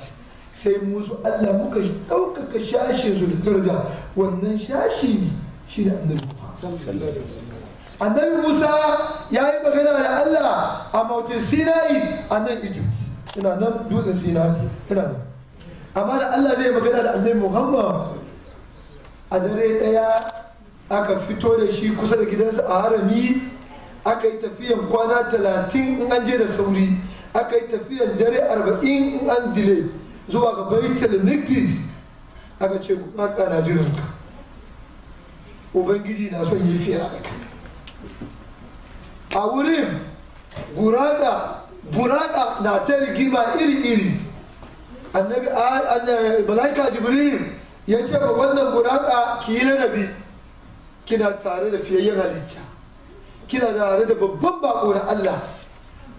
Speaker 4: sai musu Allah muka ɗaukaka shashe su da daraja wannan shashi shi da annabi annabi Musa ya yi magana da Allah a mautin sina'i a nan Egypt ina nan dutsen sina ina nan amma da Allah zai magana da annabi Muhammad a dare daya aka fito da shi kusa da gidansa a harami aka yi tafiyan kwana talatin in an je da sauri aka yi tafiyan dare arba'in in an dile zuwa ga baitul miqdis aka ce ku ka na jiran ka ubangiji na son yi fiye a a wurin gurada buraka na ta rigima iri-iri annabi eh, malaika jibril ya ce ba wannan buraka ki yi ladabi kina tare da fiyayyen halitta kina tare da babban bako na allah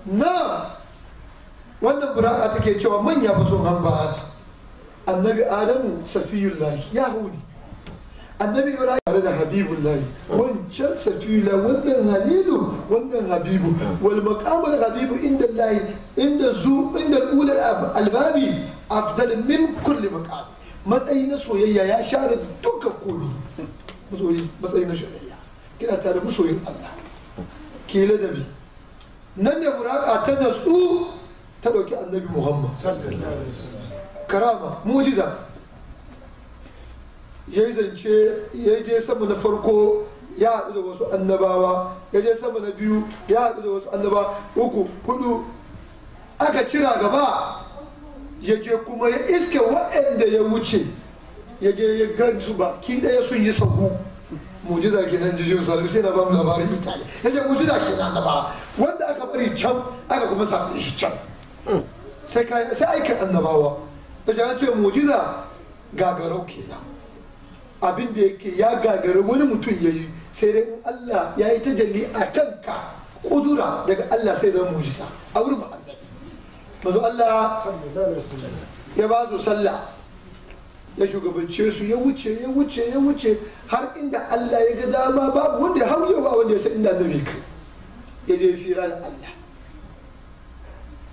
Speaker 4: na wannan buraka take cewa manya fa sun hamba haka annabi adamu safiyullahi yahudi annabi ibrahim tare da habibullahi can safila wannan halilu wannan habibu wal maqamul habibu inda Allah inda zu inda al albabi afdal min kulli maqam matsayi na soyayya ya share dukkan komi matsayi na soyayya kina tare masoyin Allah ke ladabi nan ne buraka ta natsu ta dauki annabi Muhammad karama mujiza yayi zance yayi je sama na farko ya haɗu da wasu annabawa ya je sama na biyu ya haɗu da wasu annaba uku hudu aka cira gaba ya je kuma ya iske waɗanda ya wuce ya je ya gan su baki ɗaya sun yi sabu mujiza nan jijiyar salu sai na ba mu labarin ita ya je mujiza kenan ba wanda aka bari can aka kuma same shi can sai aika annabawa da shi ce mujiza gagarau kenan abin da yake ya gagara wani mutum ya yi sai dai in Allah ya yi tajalli a kanka kudura daga Allah sai zama mujisa a wurin ba mazu Allah ya ba su sallah ya shugabance su ya wuce ya wuce ya wuce har inda Allah ya ga dama babu wanda ya hauye ba wanda ya san inda annabi kai ya je fira da Allah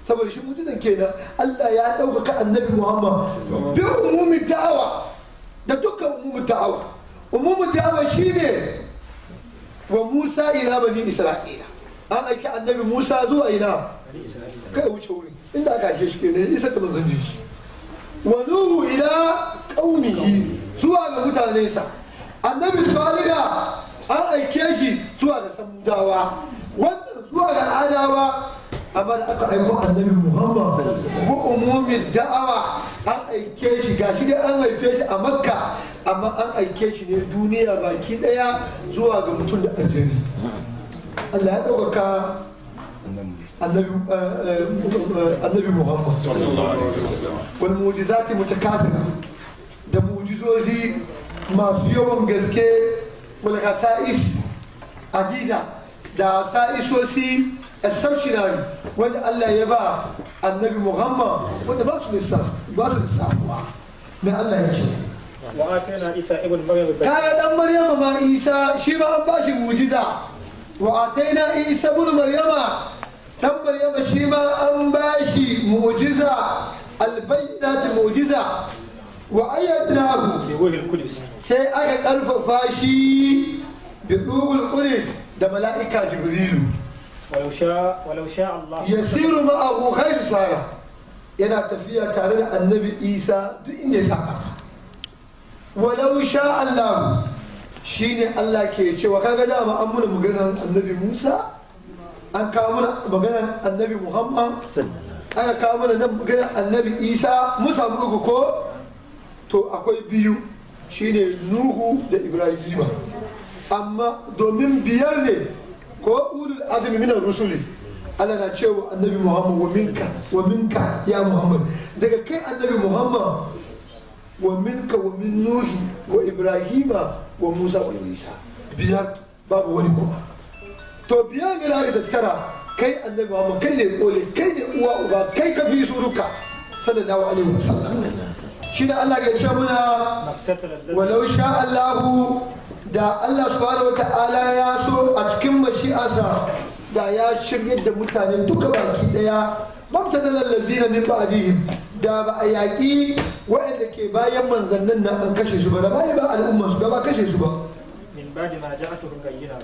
Speaker 4: saboda shi mutunan kenan Allah ya ɗaukaka annabi Muhammad bi umumi ta'awa da dukkan umumi ta'awa. umumi shine wa musa ila bani isra'ila an aiki annabi musa zuwa ina kai wuce wuri inda aka ake shi ne isa ta manzon shi. wa nuhu ila qaumihi zuwa ga mutanensa annabi saliha an aike shi zuwa ga samudawa wanda zuwa ga adawa amma da aka aiko annabi muhammad wa umumi da'awa an aike shi gashi dai an aike shi a makka amma an aike shi ne duniya baki daya zuwa ga mutum da aljani Allah ya ɗaukaka annabi eh, eh, Muhammad wal mu'jizati mutakasira da mu'jizozi masu yawan gaske wal qasa'is adida da sa'isosi exceptionary wanda Allah ya ba annabi Muhammad wanda ba su lissafuwa mai Allah ya ce wa atayna isa ibn maryam kana dan ma isa shi an bashi mujiza wa atayna isa ibn maryam dan maryam shi ma an bashi mujiza albayyinat mujiza wa ayyadnahu bi sai aka karfafa shi bi ruhul qudus da mala'ika jibrilu walau sha walau sha Allah yasiru ma'ahu yana tafiya tare da annabi isa duk inda walau sha Allah shine Allah ke cewa kaga da ba an muna maganar annabi Musa an kawo muna maganar annabi Muhammad an kawo muna nan maganar annabi Isa Musa muku ko to akwai biyu shine Nuhu da Ibrahima amma domin biyar ne ko ulul azumi minar rusuli Allah na cewa annabi Muhammad wa minka wa minka ya Muhammad daga kai annabi Muhammad wa minka wa min wa ibrahima wa musa wa isa biyar babu wani kuma to biyar gina da tattara kai an zai mawa kai ne kai da uwa kai ka su ruka sanar da wa wa sa'ala shi allah gaishe muna walau sha allahu da allah su fara ya so a cikin mashi da ya shirye da mutanen duka baki daya maktadar lalazi na nipa a da ba a yaƙi waɗanda ke bayan manzannin nan an kashe su ba da bayan ba al'umma su da ba kashe su ba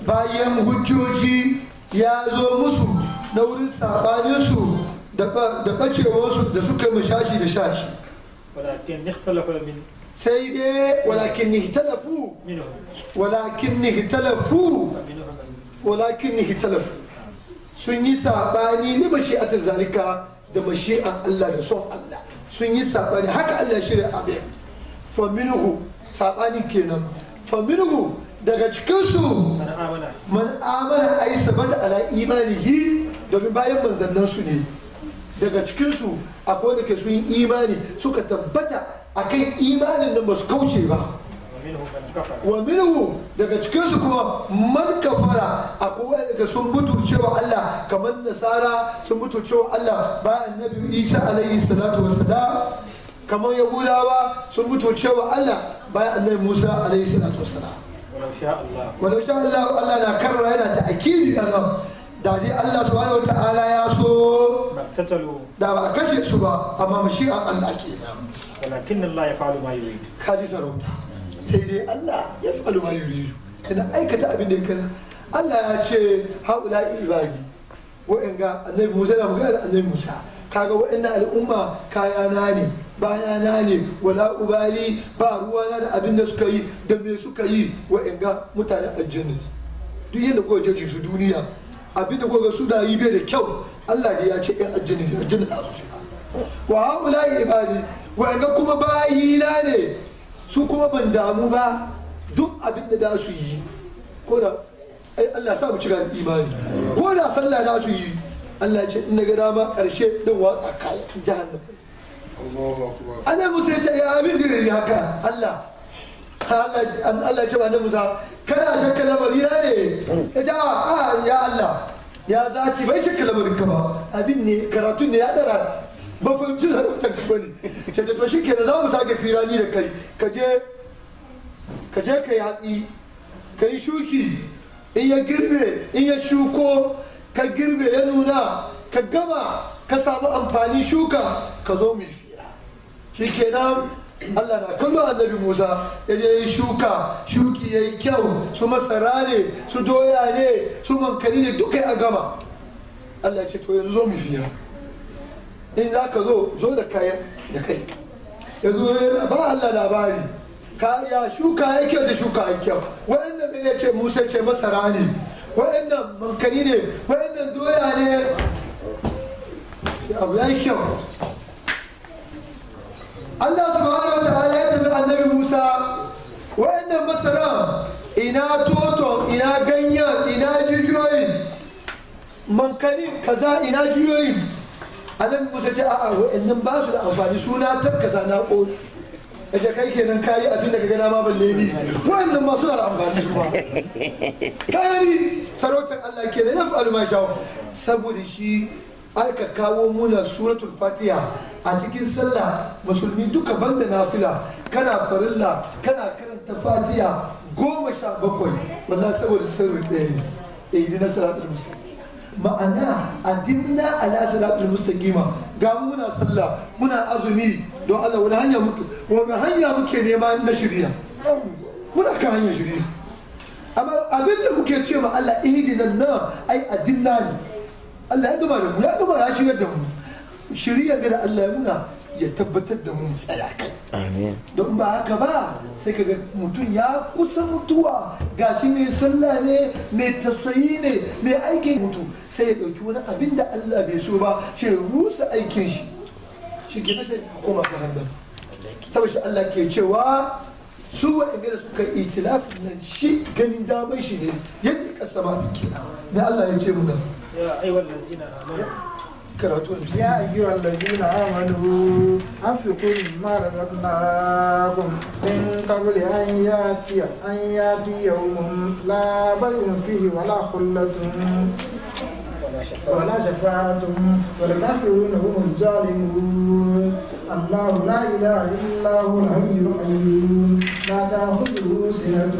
Speaker 4: bayan hujjoji ya zo musu na wurin sabaninsu da ɓacewarsu da suka mu shashi da shashi sai dai walakin nihtalafu walakin nihtalafu walakin nihtalafu sun yi sabani ne mashi a zalika da mashi'an Allah da son Allah sun yi saɓani haka Allah shirya abin faminuhu saɓani kenan faminhu daga cikinsu man a yi sabata ala imanihi domin bayan manzannan su ne daga cikinsu akwai da ke sun yi imani suka tabbata a kai imanin da ba su kauce ba wa minhu daga cikinsu kuma man kafara akwai wanda sun mutu cewa Allah kamar nasara sun mutu cewa Allah ba annabi Isa alaihi salatu wassalam kamar yahudawa sun mutu cewa Allah bayan annabi Musa alaihi salatu wassalam walau sha Allah Allah na karra yana da akidi da nan da dai Allah subhanahu wataala ya so da ba a kashe su ba amma mashi'a Allah kenan walakin Allah ya falu ma yurid hadisa rauta sai dai Allah ya fi aluma yuridu yana aikata abin da ya kana Allah ya ce haula ibadi ga annabi Musa da magana annabi Musa kaga wa'annan al'umma kayana ne bayana ne wala ubali ba ruwana da abin da suka yi da me suka yi ga mutanen aljanna duk yadda kuka je su duniya abin da kuka su da yi bai da kyau Allah ne ya ce ɗan aljanna ne aljanna na su shiga wa haula ibadi ga kuma bayina ne su kuma ban damu ba duk abin da za su yi ko da Allah sa mu cika imani ko da sallah za su yi Allah ce in ga dama karshe dan watsa kayan jahannam ana musa ya ce ya amin da haka Allah Allah ce ba musa kada shakka lamari ya ne ya ja a ya Allah ya zaki bai shakka lamarin ka ba abin ne karatu ne ya dara ba fahimci sarautar ba ne, ce da to shi kenan za mu sake firani da kai ka je ka ka yi hatsi ka yi shuki in ya girbe in ya shuko ka girbe ya nuna ka gama ka samu amfani shuka ka zo mu fira shi kenan Allah na kallo annabi Musa ya je shuka shuki ya yi kyau su masara ne su doya ne su mankani ne duka a gama Allah ce to yanzu zo mu fira in za ka zo zo da kayan da kai ya zo yana eh, ba Allah labari ya shuka ya kyau da shuka kyau yake wa'annan ya ce musa ce masara ne wa'annan mankani ne wa'annan doya ne abu ya yi kyau Allah subhanahu wa ta'ala ya tafi annabi Musa wa'annan masara ina toton ina ganyen ina jijiyoyin mankanin kaza ina jijiyoyin anan musa ce a'a wa'annan ba su da amfani suna tabkasa na ƙoli kai kenan kayi abin da ka gana ma balle ni wa'annan ma suna da amfani su ba kayari sarautar Allah kenan ya fa'alu ma shawo saboda shi aka kawo muna suratul fatiha a cikin sallah musulmi duka banda nafila kana farilla kana karanta fatiha goma sha bakwai wallahi saboda sirri ɗaya ne na siratal musulmi. ma'ana adilla ala salatul mustaqima ga mu muna sallah muna azumi don Allah wani hanya muke wani hanya muke nema na shirya muna kan hanyar shirya amma abin da muke ce ma Allah ihdina nan ai adilla ne Allah ya gama da mu ya gama ya shirya da mu shirya ga Allah ya muna ya tabbatar da mu tsaya kai amin don ba haka ba sai kaga mutum ya kusa mutuwa gashi mai sallah ne mai tasayi ne mai aikin mutu sai ya ɗauki wani abin da Allah bai so ba shi rusa aikin shi shi ke sai koma Allah ke cewa su waɗanda suka itilafin nan shi ganin damar shi ne yadda kasa ma Allah ya ce mu nan ya aiwal lazina
Speaker 3: كرة يا أيها الذين آمنوا أنفقوا مما رزقناكم من قبل أن يأتي أن يأتي يوم لا بيع فيه ولا خلة ولا شفاعة والكافرون هم الظالمون الله لا إله إلا هو الحي القيوم لا تأخذه سنة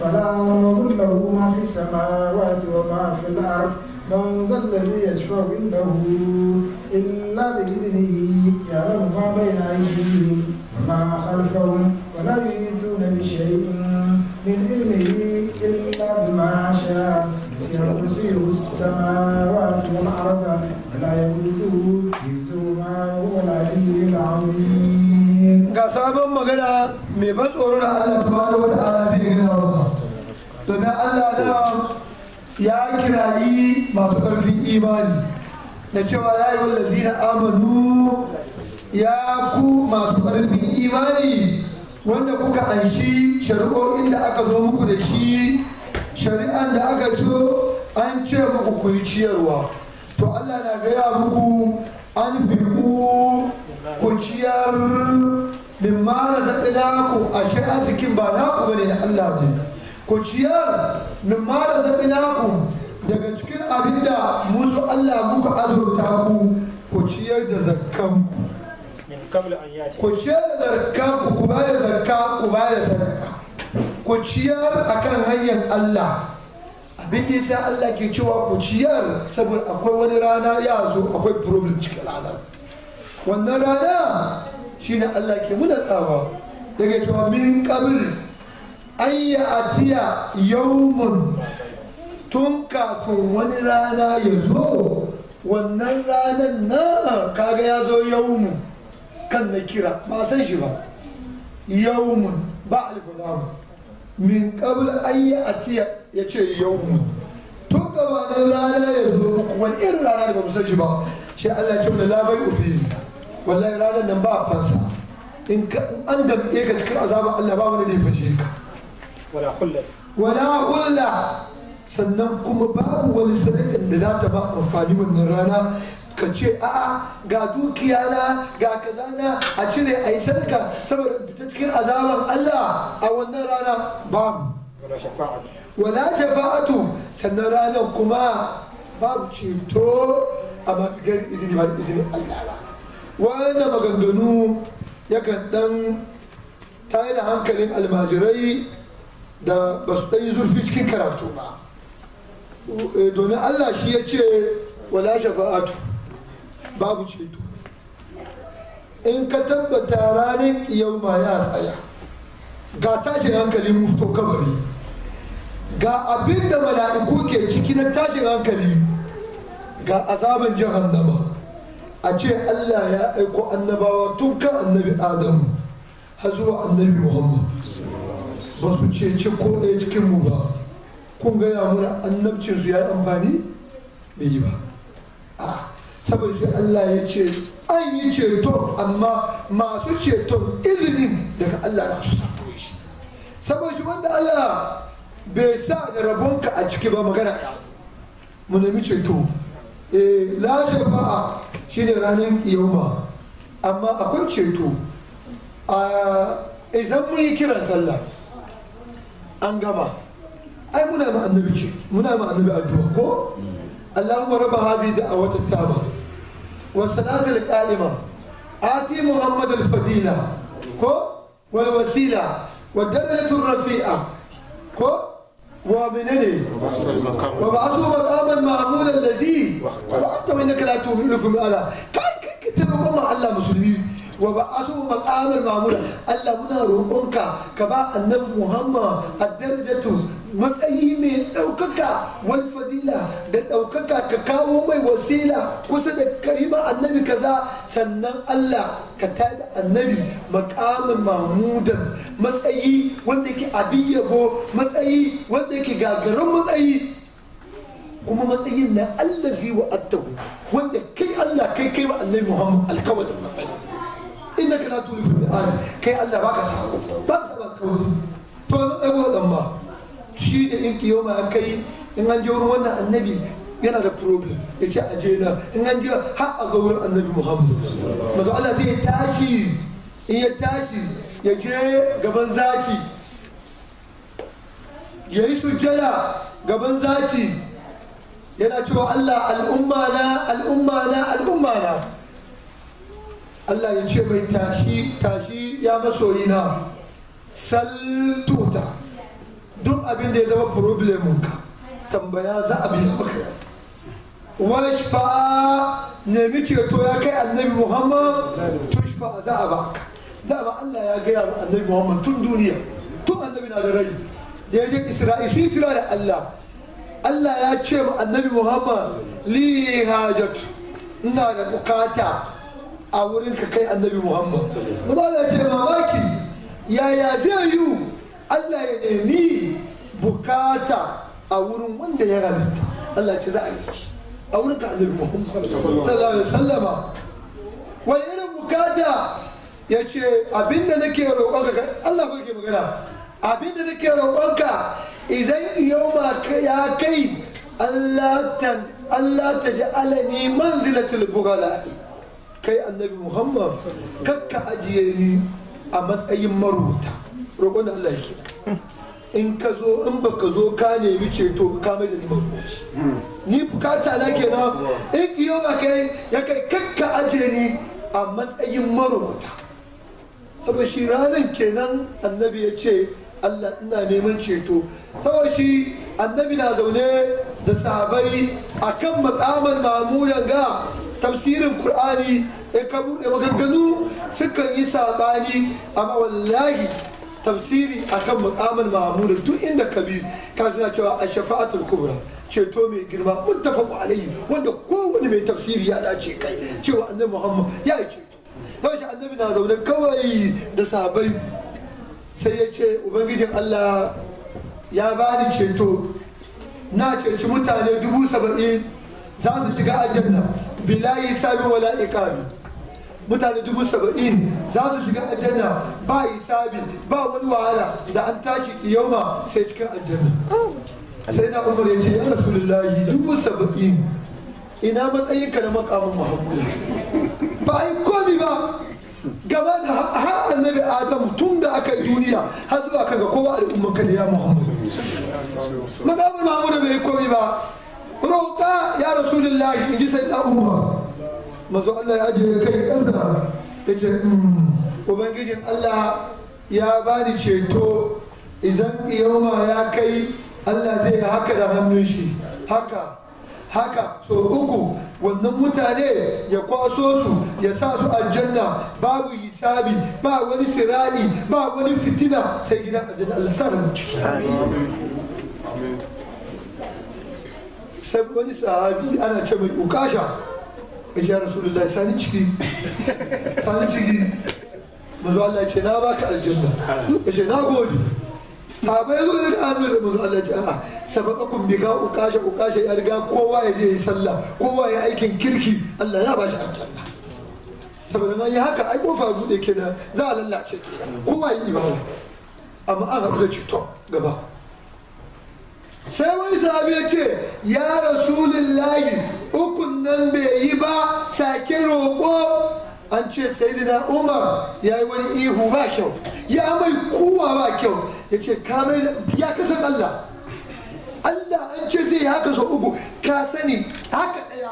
Speaker 3: ولا نوم له ما في السماوات وما في الأرض banzan da zai ya shi abin da hulu illa da izini yi yare mu ba na yi shi ne ma harfawun wala yi yi da shaidun min da ma sha siyarku si husama wa wani arada wala ya hudu yi zo ma wala yi yi ga sabon
Speaker 4: magana mai ba tsoro da allah ta ba da wata ala zai gina wa domin allah da wa ya kirayi masu ƙarfin imani da cewa ya yi wallazi na amanu ya ku masu ƙarfin imani wanda kuka anshi shari'o'in da aka zo muku da shi shari'an da aka zo an ce muku ku yi ciyarwa to allah na gaya muku an fi ku ciyar min mara zaɗi ku ashe arzikin ba na naku bane da allah ne ku ciyar mara da zabinakum daga cikin abin da musu Allah muka azurta ku ku ciyar da zakkanku ku ciyar da zakkanku ku ba da zakka ku ba da sadaka ku ciyar akan hanyar Allah abin da yasa Allah ke cewa ku ciyar saboda akwai wani rana ya zo akwai problem cikin al'adar wannan rana shine Allah ke muna tsawa daga cewa min qabl an yi atiya yawmun tun kafin wani rana ya zo wannan ranar na kaga ya zo yawmun kan na kira ba san shi ba yawmun ba alfulawu min kabul an yi atiya ya ce yawmun tun gaba na rana ya zo muku wani irin rana da ba musa shi ba shi Allah ce mu labai ufi wallahi ranar nan ba fansa in an damɗe ka cikin azabar Allah ba wani da ya fashe ka wala hulla sannan kuma babu wani sadakin da za ta ba amfani wannan rana ka ce a'a ga dukiya na ga kaza na a cire a yi sadaka saboda ta cikin azaban Allah a wannan rana babu wala shafa'atu sannan ranar kuma babu ceto a matakan izini ba izini Allah wannan maganganu yakan dan tayar da hankalin almajirai da ba su ɗan yi zurfi cikin karatu ba eh, domin allah shi ya ce wala shafa'atu babu ceto in ka tabbata ranar yau ma ya tsaya ga tashin hankali mu to kabari ga abin da mala'iku ke ciki na tashin hankali ga azaban jahannama a ce allah ya aiko annabawa tun kan annabi adamu har zuwa annabi muhammad ba su ce ko ɗaya cikin mu ba kun gaya mana annabcin su ya yi amfani mai yi ba a saboda shi Allah ya ce an yi ceton amma masu ceton izinin daga Allah na su sako shi saboda shi wanda Allah bai sa da rabonka a ciki ba magana ya mu nemi ceto eh la shafa'a shine ranar yauma amma akwai ceto a idan mun yi kiran sallah an gama ai muna ma annabi ce muna ma annabi addu'a ko Allahumma rabba hazi da awata taba wa salatul qa'ima ati muhammad al fadila ko wal wasila wa darajatul rafi'a ko wa menene
Speaker 2: wa
Speaker 4: ba'athu maqaman ma'mulan ladhi wa anta innaka la tu'minu fi ala kai kai ta Allah musulmi wa ba ba'athu makamar mamura Allah muna roƙonka ka ba annabi Muhammad a darajatu matsayi mai ɗaukaka wal fadila da ɗaukaka ka kawo mai wasila kusa da karima annabi kaza sannan Allah ka da annabi makamin mamudan matsayi wanda ke abin yabo matsayi wanda ke gagarin matsayi kuma matsayin na allazi wa attabu wanda kai Allah kai kai wa annabi Muhammad alkawarin matsayi innaka la tulifu al kai Allah baka sa ba ka ka kawai to na tsago dan ma shi da in ma kai in an je wurin wannan annabi yana da problem ya ce aje na in an je har a ga wurin annabi Muhammad mazo Allah zai tashi in ya tashi ya je gaban zaci ya yi sujjada gaban zaci yana cewa Allah al'umma na al'umma na al'umma na Allah ya ce mai tashi tashi ya masoyina saltuta duk abin da ya zama problemunka tambaya za a biya maka washfa nemi ceto ya kai annabi muhammad tushfa za a baka dama Allah ya gaya wa annabi muhammad tun duniya tun annabi na da rai da ya je isra'i sun kira da Allah Allah ya ce wa annabi muhammad li hajatu ina da bukata a wurin ka kai annabi muhammad mala ce mamaki yaya zai yi allah ya nemi bukata a wurin wanda ya halitta allah ce za a yi shi a wurin ka annabi muhammad sallallahu alaihi wasallama wani irin bukata ya ce abinda nake roƙonka allah ba ke magana abinda nake roƙonka idan yau ma ya kai allah ta ji alani manzilatul bukata kai annabi muhammad kakka ajiye ni a matsayin marubuta roƙon da allah yake in ka zo in baka zo ka nemi ceto ka mai da ni ni bukata na kenan in iyo ba kai ya kai kakka ajiye ni a matsayin marubuta saboda shi ranar kenan annabi ya ce allah ina neman ceto saboda shi annabi na zaune da sabai akan makaman mamuyan ga tafsirin Kur'ani in ka buɗe maganganu sukan yi saɓani amma wallahi tafsiri akan mukamin mahamuda duk inda ka bi ka suna cewa a shafa'atul kubra ceto mai girma muttafaqu alayhi wanda kowane mai tafsiri ya dace kai cewa annabi Muhammad ya yi ceto don shi annabi na zaune kawai da sabai sai ya ce ubangijin Allah ya bani ceto na ceci mutane dubu saba'in za su shiga aljanna bilayi sabi wala iqabi mutane dubu saba'in za su shiga aljanna ba isabi ba wani wahala da an tashi kiyauma sai cikin aljanna sai na umar ya ce ya rasulullahi dubu saba'in ina matsayin ka na makamin muhammadu ba a yi komi ba gaba da har annabi adam tun da aka yi duniya har zuwa kan ga kowa al'umman ka ne ya muhammadu makamin muhammadu bai yi komi ba roƙa ya rasulullahi in ji sai umma Allah ya ajiye kai ƙasa ya ce mm, ubangijin Allah ya ba ni ceto izan iyoma ya kai Allah zai haka da hannun shi haka haka so uku wannan mutane ya kwaso su ya sa su aljanna babu hisabi ba wani sirari ba wani fitina sai gidan aljanna Allah sa amin sai wani sahabi ana ce mai ukasha kashi ya rasu lullahi sani ciki sani ciki mazu Allah ce na baka aljanna ya ce na gode sahaba ya zo da hannu da mazu Allah ce a, sabaka kun bi ka ukasha ukasha ya riga kowa ya je ya sallah kowa ya aikin kirki Allah ya bashi aljanna saboda ma yi haka ai kofa bude kenan za a lallace kenan kowa ya yi ibada amma an haɗu da ceto gaba sai wani sahabi ya ce ya rasulullahi ukun nan bai yi ba sake roƙo an ce sayyidina umar ya yi wani ihu ba kyau ya mai kowa ba kyau ya ce ya kasan allah allah an ce zai yi haka sau uku ka sani haka ɗaya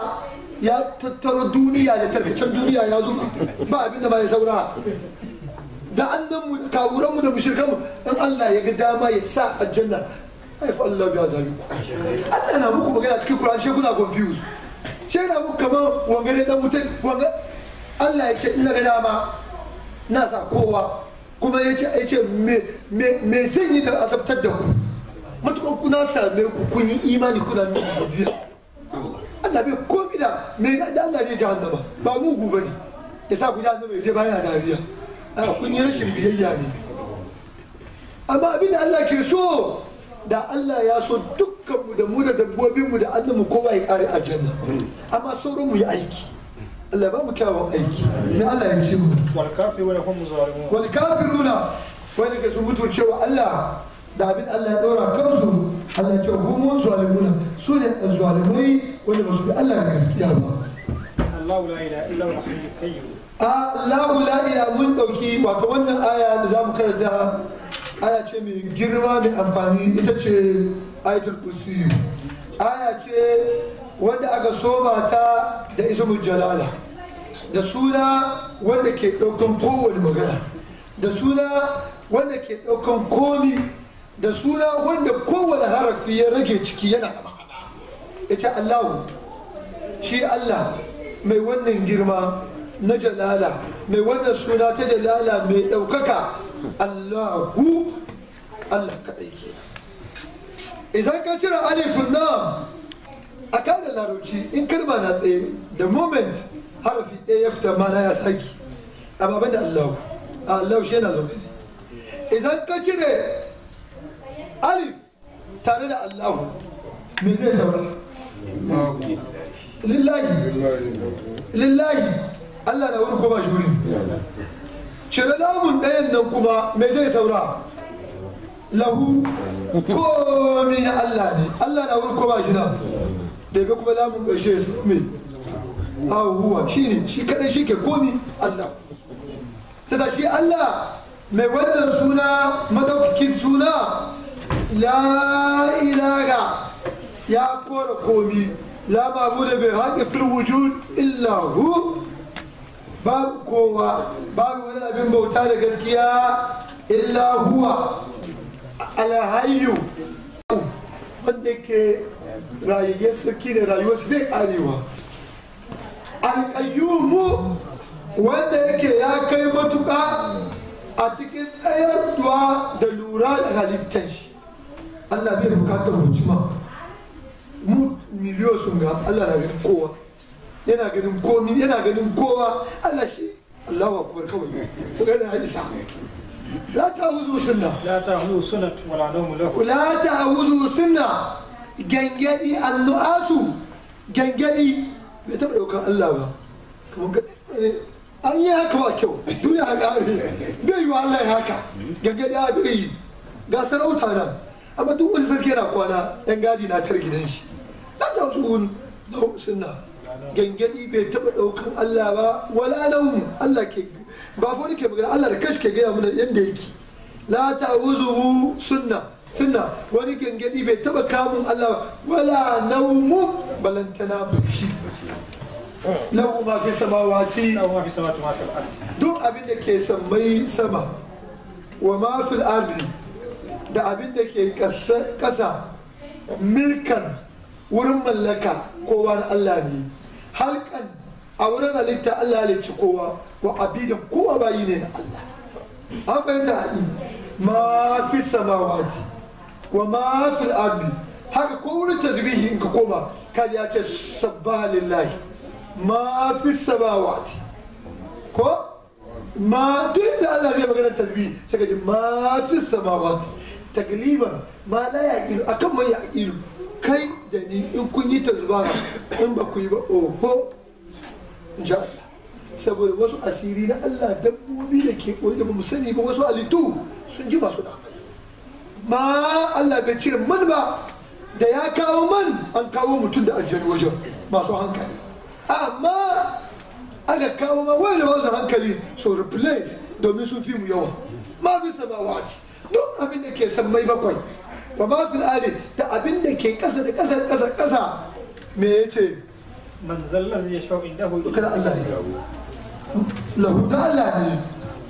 Speaker 4: ya tattaro duniya da tarkacen duniya ya zuba ba abinda ba ya saura da annanmu da kawuranmu da mushirkanmu in allah ya ga dama ya sa aljanna ai fa Allah ya Allah na muku magana cikin Qur'an shi kuna confused shi na muku kamar wangare dan mutum wanga Allah ya ce illa ga dama na sa kowa kuma ya ce ya ce me me me zan yi da azabtar da ku matuƙar kuna same ku kun yi imani kuna min biyu Allah bai komi da me da Allah ya jahannama ba mugu bane ya sa ku jahannama ya je baya dariya a kun yi rashin biyayya ne amma abin da Allah ke so da Allah ya so dukkanmu da mu da dabbobinmu da annanmu kowa ya kare aljanna amma sauran mu yi aiki Allah ba mu kyawun aiki me Allah ya ce mu wal kafiruna hum zalimun wal kafiruna wanda ke su mutu cewa Allah da abin Allah ya daura kansu Allah ya ce hum zalimuna su ne zalimai wanda ba su bi Allah da gaskiya ba Allahu
Speaker 3: la ilaha illa huwa hayyul qayyum
Speaker 4: Allahu la ilaha mun dauki wato wannan aya da zamu karanta aya ce mai girma mai amfani ita ce ayatul kursiyu aya ce wanda aka soma ta da ismul jalala da suna wanda ke ɗaukan kowane magana da suna wanda ke ɗaukan komi da suna wanda kowane harafi ya rage ciki yana da ma'ana ita allahu shi allah mai wannan girma na jalala mai wannan suna ta jalala mai ɗaukaka Allahu Allah kadai ke idan ka cire alifin lam a kada larabci in kalma na tsaye the moment harafi ɗaya ya fita mana ya saki amma banda Allahu Allahu shi yana zaune idan ka cire alif tare da Allahu me zai saura lillahi lillahi Allah na wurin ba shi cire lamun ɗayan nan kuma me zai saura lahu komi na Allah ne Allah na wurin koma shi nan daga kuma lamun ƙarshe su mai huwa shi ne shi kaɗai shi ke komi Allah ta shi Allah mai wannan suna madaukakin suna la ilaha ya kora komi la mabu da bai haƙi fil wujud illa hu babu kowa babu wani abin bauta da gaskiya illa huwa alhayu wanda ke rayuwar sarki da rayuwar su bai arewa alƙayyumu wanda yake ya kai matuƙa a cikin tsayarwa da lura da halittar shi Allah bai bukatar hujima mu miliyo sun ga Allah na kowa yana ganin komi yana ganin kowa Allah shi Allahu akbar kawai ku ga na isa la wuzu sunna la ta'uzu sunna wala mu lahu la ta'uzu sunna gangadi annu'asu gangadi bai taba daukan Allah ba kuma ga an yi haka ba kyau duniya ga ne bai yi wa Allah ya haka gangadi a bai yi ga sarauta nan amma duk wani sarki yana kwana yan gadi na tar gidan shi la wuzu sunna gangani bai taba daukan Allah ba wala naumu Allah ke ba fa ke magana Allah da kashi ke gaya mana yanda yake la ta'uzuhu sunna sunna wani gangani bai taba kamun Allah ba wala naumu balantana bacci lahu ma fi samawati lahu ma fi samawati ma fil ardi duk abin da ke sammai sama wa ma fil ardi da abin da ke kasa milkan wurin mallaka kowa na Allah ne halkan a wurin halitta Allah ya halicci kowa wa abidan kowa bayi ne na Allah an fahimta haɗi ma fi samawati wa ma fi ardi haka ko wurin tasbihi in ka koma kaji ya ce sabbaha lillahi ma fi samawati ko ma duk da Allah zai magana tasbihi sai ka ji ma fi samawati takliban ma la a akan man yaqilu kai da ni in kun yi tazbara in ba ku yi ba oho ja saboda wasu asiri na Allah dabbobi da ke koyi da ba mu sani ba wasu alitu sun ji masu da ma Allah bai ce man ba da ya kawo man an kawo mutum da aljanu wajen masu hankali amma aka kawo ma wani masu hankali so replace domin sun fi mu yawa ma bisa ma wati duk abin da ke san mai bakwai wa ma fil ardi da abin da ke kasa da kasa kasa kasa me yace man zallazi yashau indahu kada Allah ya lahu da Allah ne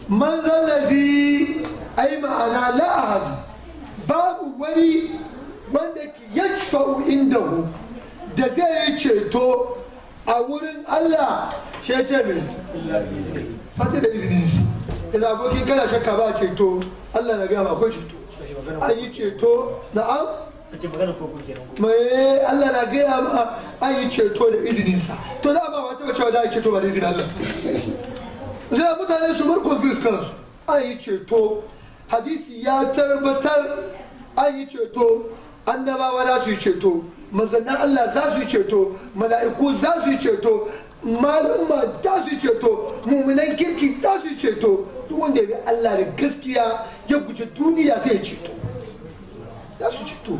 Speaker 4: man zallazi ai ma'ana la ahad babu wani wanda ke yashfa'u indahu da zai yi ceto a wurin Allah shi ce mai fata da shi idan abokin kana shakka ba ceto Allah na gama akwai ceto an yi ceto na'am Allah na gaya ma an yi ceto da izininsa to da ba wata wacewa da a ceto ba da izinin Allah zai mutane su bar confuse kansu an yi ceto hadisi ya tabbatar an yi ceto annabawa za su yi ceto manzannin Allah za su yi ceto mala'iku za su yi ceto malumma ta su ceto mummunan kirki ta su ceto duk wanda ya bi Allah da gaskiya ya guji duniya sai ya ceto ta su ceto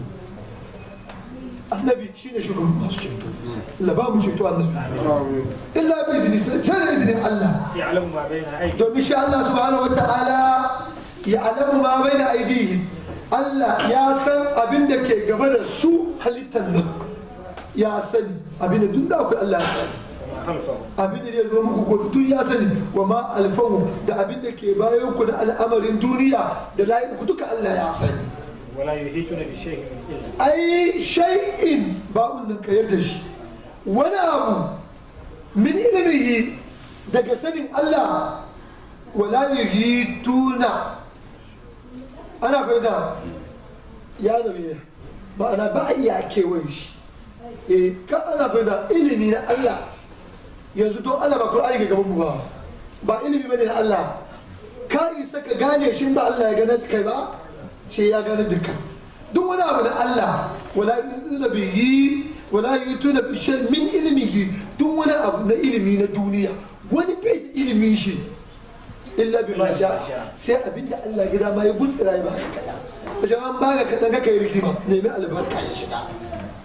Speaker 4: annabi shine shugaban masu ceto Allah ba mu ceto annabi illa bi izini sai da izinin Allah domin shi Allah subhanahu wata ala, ya alamu ma bai da aidihi Allah ya san abin da ke gaba da su halittar nan ya sani abin da duk da akwai Allah ya sani abin da zai zo muku ko duk ya sani wa ma alfahu da abin da ke bayan ku da al'amarin duniya da layin ku duka Allah ya sani
Speaker 2: wala yuhituna bi shay'in
Speaker 4: ai shay'in ba'un nan ka yarda shi wani abu min ilmihi daga sanin Allah wala yuhituna ana fahimta ya zama ma'ana ba a iya kewaye shi eh, ka ana fahimta ilimi na Allah yanzu don Allah ba Qur'ani ga gaban mu ba ba ilimi bane na Allah ka isa ka gane shi ba Allah ya gane kai ba shi ya gane duka duk wani abu da Allah wala yuzuna bihi wala yutuna bi shay min ilmihi duk wani abu na ilimi na duniya wani bai ilimi shi illa bi ma sha sai abinda Allah gida ma ya gudura ya ka kada wajen an baka kadan ka kai rigima nemi albarka ya shiga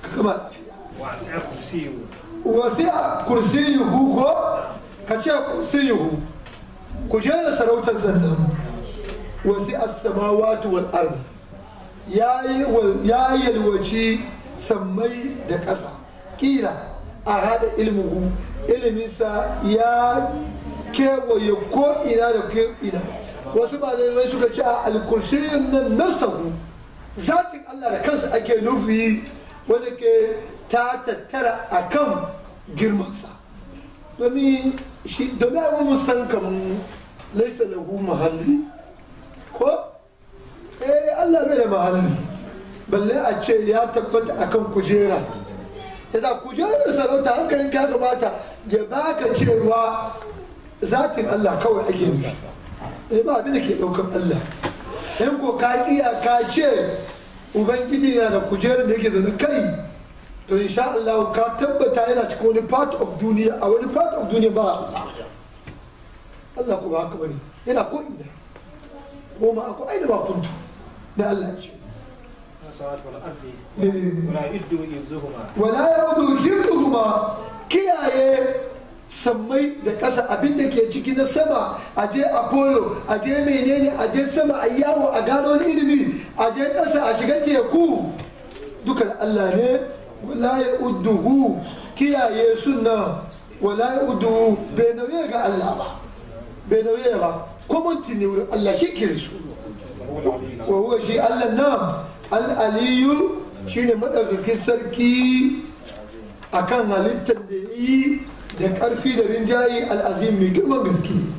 Speaker 4: ka kama sai ku siyo wasiya kursiyuhu ko ka ce kursiyuhu ku je da sarautar zannan wasiya samawatu wal ardi ya yalwaci sammai da ƙasa ƙila a hada ilmuhu iliminsa ya kewaye ko ina da ke ina wasu malamai suka ce a alkursiyin nan nan sahu zatin Allah da kansa ake nufi wanda ke ta tattara a kan girmansa domin shi domin abin kamun laisa hu muhalli ko eh Allah bai muhalli balle a ce ya tabbata a kan kujera yasa kujerar sarauta hankalin ya kamata ya baka cewa zatin Allah kawai ake yi eh ba abin da ke daukan Allah in ko ka iya ka ce ubangiji na da kujerar da yake zanen kai to insha Allah ka tabbata yana cikin wani part of duniya a wani part of duniya ba Allah Allah ko ba haka ne yana ko ina ko ma ko aina ba kuntu da Allah ce
Speaker 2: wala yaudu
Speaker 4: hibduhuma kiyaye sammai da ƙasa abin da ke ciki na sama a je apollo a je menene a je sama a yawo a gano ilimi a je ƙasa a shiga teku duka Allah ne wala ya udduhu kiyaye sunna wala ya udduhu bai nauye ga Allah ba bai nauye ba kwamanti ne wurin Allah shi ke su wa shi Allah nan al'aliyu shi ne maɗaukakin sarki akan halittar da yi da ƙarfi da rinjaye al'azim mai girman gaskiya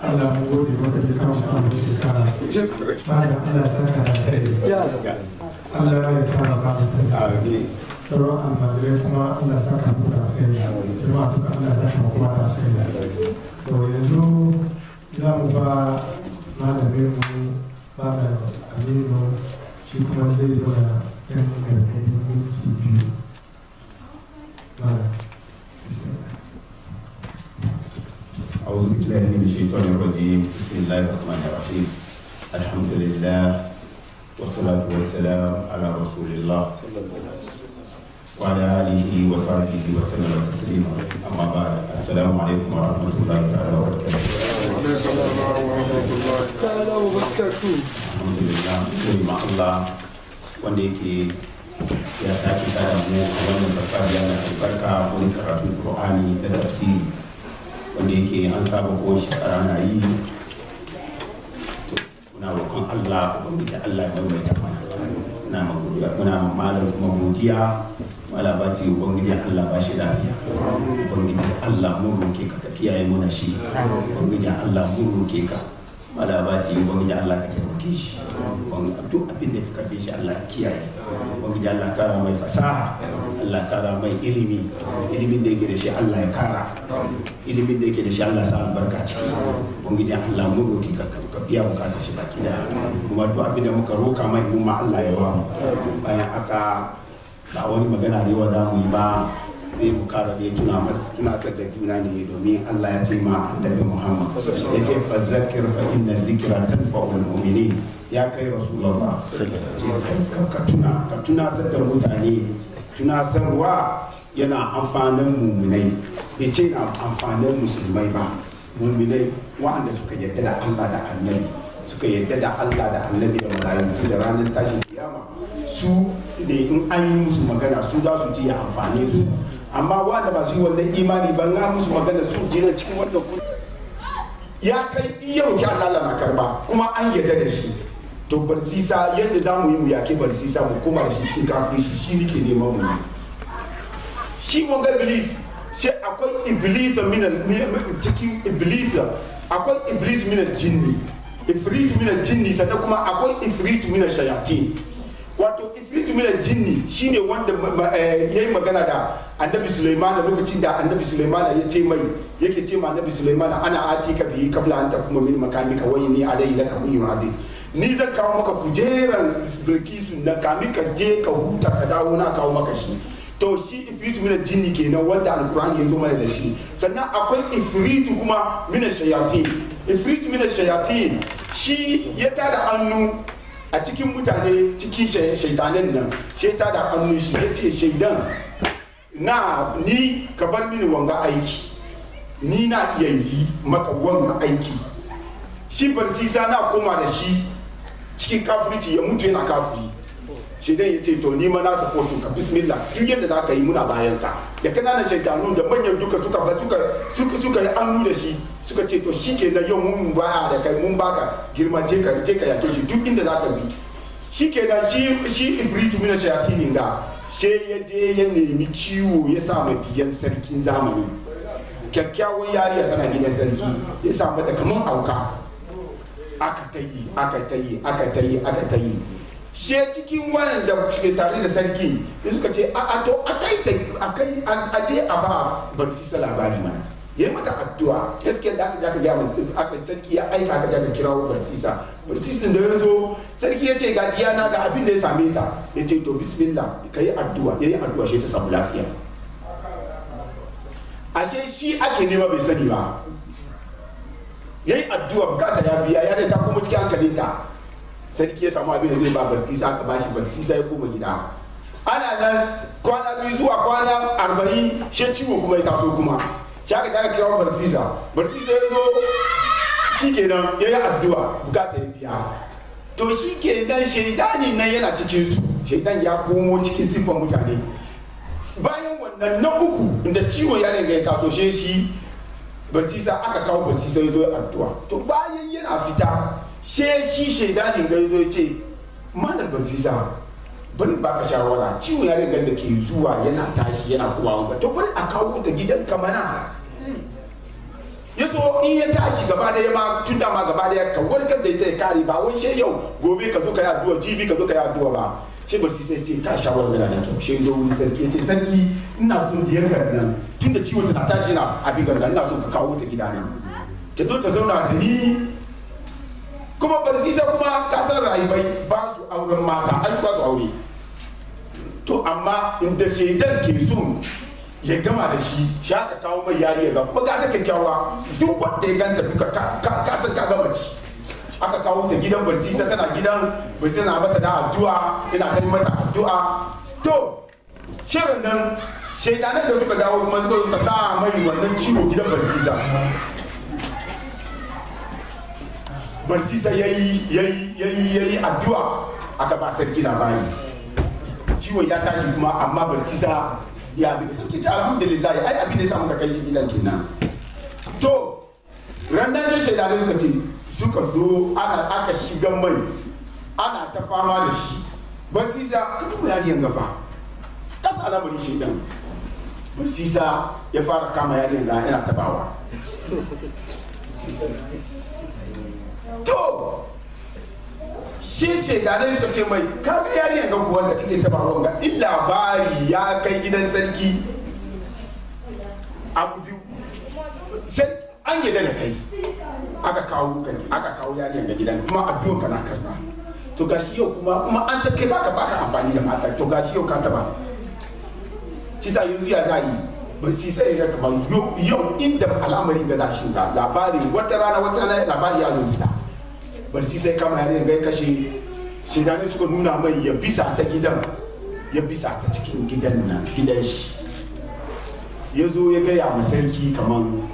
Speaker 2: Allah gode maka da kawo shekara. Bada Allah sa ka da Allah ya yanzu za malamin mu ba da aminu zai zo da
Speaker 1: الشيطان الرجيم بسم الله الرحمن الرحيم الحمد لله والصلاة والسلام على رسول الله وعلى آله وصحبه وسلم تسليما أما بعد السلام عليكم ورحمة الله تعالى وبركاته الحمد لله ورحمة الله وبركاته الحمد لله كلمة الله وانديكي يا ساكي سلام مو وانا بفاجأنا في البركة ونكرة القرآن التفسير wanda yake an saba ko shekara na yi muna roƙon Allah ubangiji Allah ya ta mana muna magodiya muna wala ba ce ubangiji Allah ba shi lafiya ubangiji Allah mun roke ka ka kiyaye muna shi ubangiji Allah mun roke ka fada ba ta yi wani Allah ka taimake shi wani duk abin da ya fi karfe shi Allah kiyaye wani Allah kara mai fasaha Allah kara mai ilimi ilimin da yake da shi Allah ya kara ilimin da yake da shi Allah sa barka ciki wani Allah mu roki ka ka biya bukatar shi baki da kuma duk abin da muka roka mai mu ma Allah ya wa mu bayan aka ba wani magana da yawa za mu yi ba zai mu kara dai tuna masu tunasar da juna ne domin Allah ya ce ma annabi Muhammad ya ce fa zakir fa inna zikra tanfa'ul mu'minin ya kai rasulullah ka tuna ka tuna da mutane tuna tunasarwa yana amfanin muminai bai ce na amfanin musulmai ba muminai wanda suka yarda da Allah da annabi suka yarda da Allah da annabi da mala'iku da ranar tashin kiyama su ne in an yi musu magana su za su ji ya amfane su amma wanda ba su yi wannan imani ba na musu magana su jira cikin wannan kun ya kai iya roki Allah na karba kuma an yarda da shi to sisa yadda za mu yi mu yake barsisa mu koma da shi cikin kafirci shi nake neman mu shi mun ga iblis shi akwai iblis min cikin iblis akwai iblis min jinni ifrit min jinni sannan kuma akwai ifrit min shayatin wato ifritu minal jinni shine wanda eh, yayi magana da annabi Sulaiman lokacin da annabi Sulaiman ya ce mai yake ce ma annabi Sulaiman ana ati ka bihi kabla an kuma min ka wai ni alai laka yi azim ni zan kawo maka kujeran bilkisu na kamin ka je ka huta ka dawo na kawo maka shi to shi ifritu mina jinni kenan wanda alkur'ani ya zo mana da shi sannan akwai ifritu kuma mina shayatin ifritu mina shayatin shi ya tada hannu a cikin mutane cikin shaitanen nan shaita da hannun shi ya ce shaidan na ni ka bar mini wanga aiki ni na iya yi maka wanga aiki shi barsisa na koma da shi cikin kafirci ya mutu yana kafiri shi ya yace to ni ma na support ka bismillah duk yadda za ka yi muna bayan ka da kananan shaitanu da manyan duka suka suka suka suka yi annu da shi suka ce to shi kenan yau mun ba da kai mun baka girma je ka je ka yake shi duk inda za ka bi shi kenan shi shi ifritu mina shayatinin da she ya je ya nemi ciwo ya sa diyan sarkin zamani kyakkyawan yariya tana gidan sarki ya sa mata kamar auka aka ta yi aka ta yi aka ta yi aka ta yi she cikin wannan da tare da sarki sai suka ce a to a kai a kai a je a ba bar barsisa labari mana ya yi mata addu'a gaskiya da aka ja ka gaya aka sarki ya aika aka ja ka kira wa barsisa barsisa da ya zo sarki ya ce ga diyana ga abin da ya same ta ya ce to bismillah ka yi addu'a ya yi addu'a shi ta samu lafiya ashe shi ake nema bai sani ba ya yi addu'a bukata ya biya ya ta kuma cikin hankalinta sarki ya samu abin da zai ba sa ka bashi balkisa ya koma gida
Speaker 4: ana nan
Speaker 1: kwana biyu zuwa kwana arba'in shi ciwo kuma ya taso kuma shi aka tara kira balkisa sisa ya zo shi kenan ya yi addu'a bukata ya biya to shi kenan shaidani nan yana cikin su shaidan ya komo cikin siffar mutane bayan wannan na uku da ciwo ya ringa ya taso shi shi basisa aka kawo sisa ya zo addu'a to bayan yana fita Sai shi shaidanin gari zai ce malam barzisa bari baka shawara ciwo ya rigar da ke zuwa yana tashi yana kuma ba to bari a kawo ta gidan kamana ya so in ya tashi gaba da ya ma tun da ma gaba da ya ka warkar da ita ya kare ba wai sai yau gobe ka zo ka yi addu'a jibi ka zo ka yi addu'a ba she barzisa ya ce ka shawara da nan kyau she zo wani sarki ya ce sarki ina son diyan ka nan tun da ciwo tana tashi na abin ganga ina so ka kawo ta gidana ta zo ta zauna da ni kuma barzisa kuma kasar rahibai ba su auren mata ai su ba su aure to amma inda shaidan ke so ya gama da shi shi aka kawo mai yari ya gama ga ta kyakkyawa duk wanda ya ganta duka ka san ka gama ci aka kawo ta gidan Barsisa tana gidan barzisa na mata da addu'a ina ta mata addu'a to shirin nan shaidanan da suka dawo kuma suka sa mai wannan ciwo gidan barzisa yayi ya yi addu'a aka ba sarki bayi ciwon ya tashi kuma amma barsisa ya bi sarki ta alhamdulillah ai abin da ya samu ka kai shi gidan kenan to ranar shi da suka ce suka zo ana aka shiga mai ana ta fama da shi barsisa duk yariyan gafa kasa alamari shaidan barsisa ya fara kama yariyan da yana tabawa to shi ce ga dai suka ce mai kaga yari ga kuwa da kake taba wanga in labari ya kai gidan sarki abu biyu sai an yi da kai aka kawo kan aka kawo yari ga gidan kuma addu'ar kana karba to gashi yau kuma kuma an sake baka baka amfani da mata to gashi yau ka taba shi sa yanzu ya za yi ba shi sai ya kamar yau inda al'amarin ga za shi ga labarin wata rana wata rana labari ya zo fita barci sai kama yarin gai kashe shaidanai suka nuna mai ya bisa ta gidan ya bisa ta cikin gidan na gidan shi ya zo ya gaya ma sarki kaman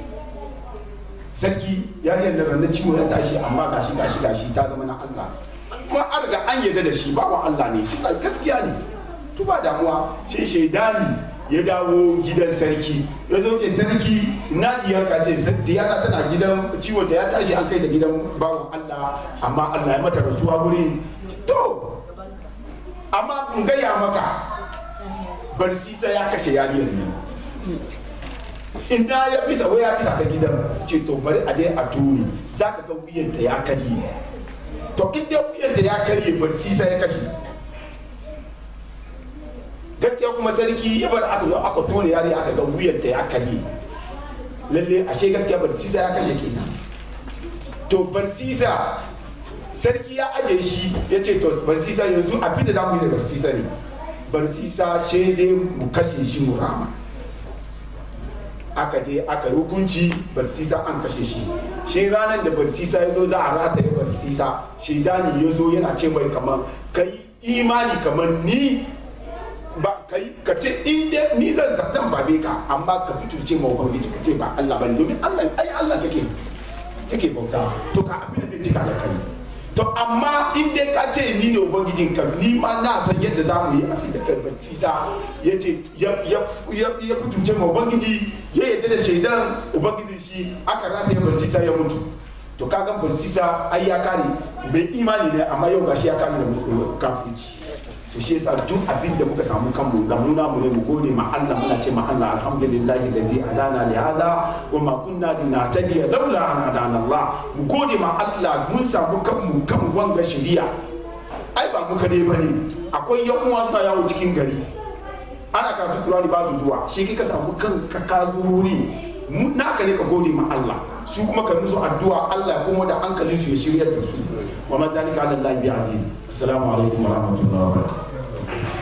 Speaker 1: sarki yariyar da ranar ciwo ya tashi amma gashi gashi gashi ta zama na Allah kuma an riga an yarda da shi ba wa Allah ne shi gaskiya ne ba damuwa shi shedani ya dawo gidan sarki ya zo ke sarki na diyaka ce diyaka tana gidan ciwon da ya tashi an kai da gidan bawon Allah amma Allah ya mata rasuwa wuri to amma in gaya maka barsisa ya kashe yariyar ne in da ya fi wai ya bisa ta gidan ce to bari a dai a tuni za ka ga wuyanta ya karye to in dai wuyanta ya karye barsisa ya kashe gaskiya kuma sarki ya bar aka zo aka tone yare aka ga ta ya kalli lalle ashe gaskiya sisa ya kashe kenan to sisa sarki ya aje shi ya ce to sisa yanzu abinda za ku yi da sisa ne barcisa she dai mu kashe shi mu rama aka je aka hukunci sisa an kashe shi shi ranar da sisa ya zo za a rataye barsisa shaidani ya zo yana ce mai kamar kai imani kamar ni ka ce in dai ni zan zan babe ka amma ka ce ma wani ka ce ba Allah bane domin Allah ai Allah kake kake bauta to ka abin da zai cika da kai to amma in dai ka ce ni ne ubangijin ka ni ma na san yadda za mu yi a fi da karban sisa ya ce ya ya ce ma ubangiji ya yadda da shaidan ubangiji shi aka rata ya barci sisa ya mutu to kaga barci sisa ai ya kare bai imani ne amma yau gashi ya kare da kafirci to shi yasa duk abin da muka samu kanmu da mu ne mu gode ma Allah muna ce ma Allah alhamdulillahi zai adana li hada wa ma kunna linahtadiya laula an adana Allah mu gode ma Allah mun samu kanmu kan wanga shiriya ai ba muka dai bane akwai yan uwa suna yawo cikin gari ana karatu Qur'ani ba su zuwa shi kika samu kanka ka zuri na ka ne ka gode ma Allah su kuma ka musu addu'a Allah kuma da hankalin su ya shiryar da su wa mazalika Allah bi aziz assalamu alaikum wa rahmatullahi wa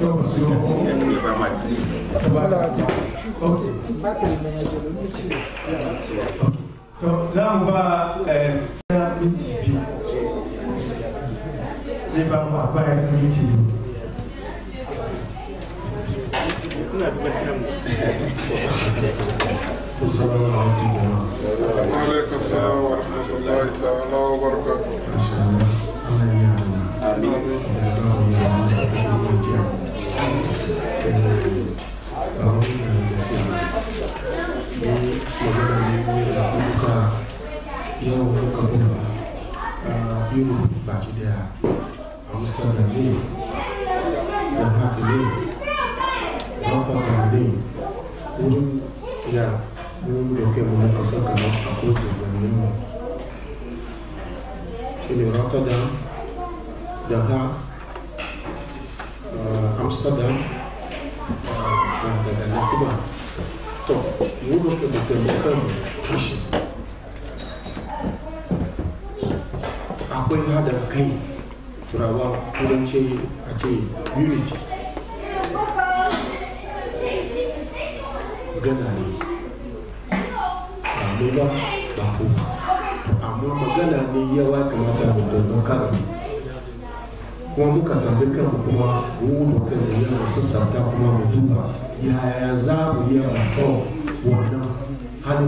Speaker 2: Láwọn bá ẹ̀ẹ́dá PDP ní bá wọn àbá ẹ̀sìn PDP.
Speaker 3: Assalamu alaikum wa rahmatullahi ta'ala wa barakatuh.
Speaker 2: Uh, back mm-hmm. Yeah, We're yau kuka kuma a biyu baki daya a amsterdam ne da haka ne rotterdam ne wurin ya wurin da ke mu kasar kama a kotu da mu shi ne rotterdam da haka da kan kuma Il y do un hasard, il y a un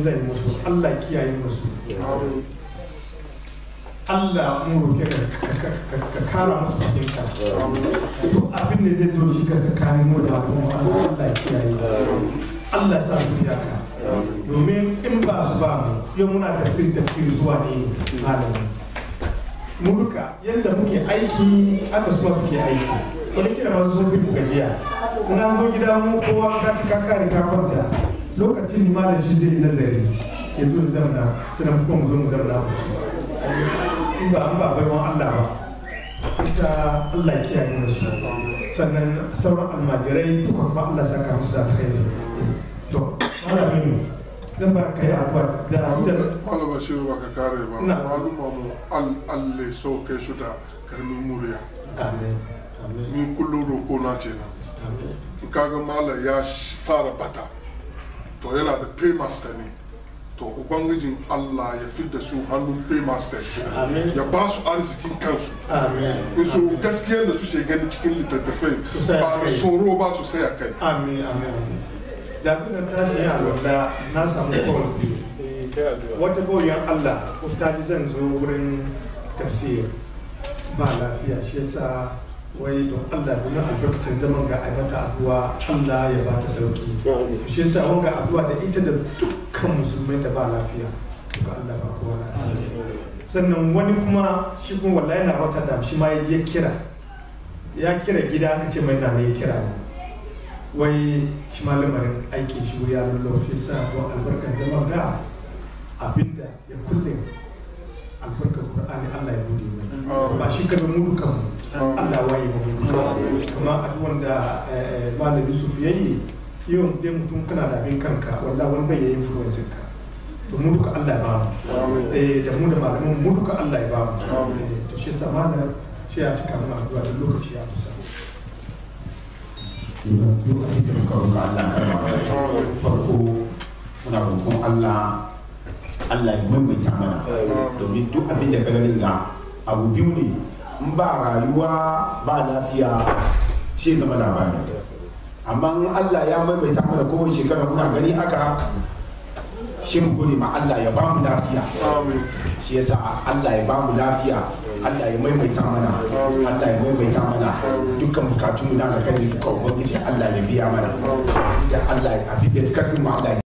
Speaker 2: zai musu Allah kiyaye musu Allah mu roƙe ka kara musu cikin ka duk abin da zai zo shi ka ni mu da kuma Allah kiyaye Allah sa su ka domin in ba su ba mu yau muna tafsir tafsir zuwa ne malami mu duka yadda muke aiki aka suma suke aiki wani kira masu sun fi gajiya na zo gida mu kowa ka ci ka kare ka kwanta lokacin malam shi zai nazari ya zo zamna suna kuma mu zo mu zamna ku ci in ba an ba wa Allah ba isa Allah kiyaye mu su sannan sauran almajirai duka ba Allah saka musu da kai to malamin dan ba kai akwa da
Speaker 1: wala ba shi ba ka kare ba maluma mu Allah kai su da karmin murya amin amin ni kullu roko na ce na kaga malam ya fara bata to yana da paymaster ne to ubangijin Allah ya fi da su hannun paymaster ya ba su arzikin kansu in su gaskiyar da su ce gani cikin littattafai ba da tsoro ba su sai a kai
Speaker 2: amin amin da kuka tashi a na samu kawai wata goyon Allah ko ta ji zan zo wurin tafsir ba lafiya shi yasa wai don Allah nuna albarkacin zaman ga aibata addu'a Allah ya ba ta sauki shi sa wanga addu'a da ita da dukkan musulmai ta ba lafiya ga Allah ba kowa sannan wani kuma shi kuma wallahi wata da shi ma ya je kira ya kira gida aka ce mai na ne ya kira wai shi ma lamarin aikin shi wuri ya lullu shi yasa don albarkar zaman ga abinda ya kulle albarkar Qur'ani Allah ya bude mai ba shi kabe mu mu Allah waye mu kuma abubuwan da eh, eh, malam Yusuf yayi yawan dai mutum kana da abin kanka wallahi wani bai yayin influencing ka to mu duka Allah ya bamu eh, da mu da malamin mu duka Allah ya bamu to shi yasa malam shi ya cika mana addu'a da lokaci ya kusa
Speaker 1: farko muna roƙon Allah Allah ya maimaita mana domin duk abin da ka ga abu biyu ne in ba rayuwa ba lafiya shi zama labari amma allah ya maimaita mana kowace shekara muna gani aka shin gode ma allah ya ba mu lafiya shi yasa allah ya ba mu lafiya allah ya maimaita mana
Speaker 2: allah ya maimaita mana dukkan bukatun muna ga kai duka ubangiji allah ya biya mana da allah ya da karfin mu allah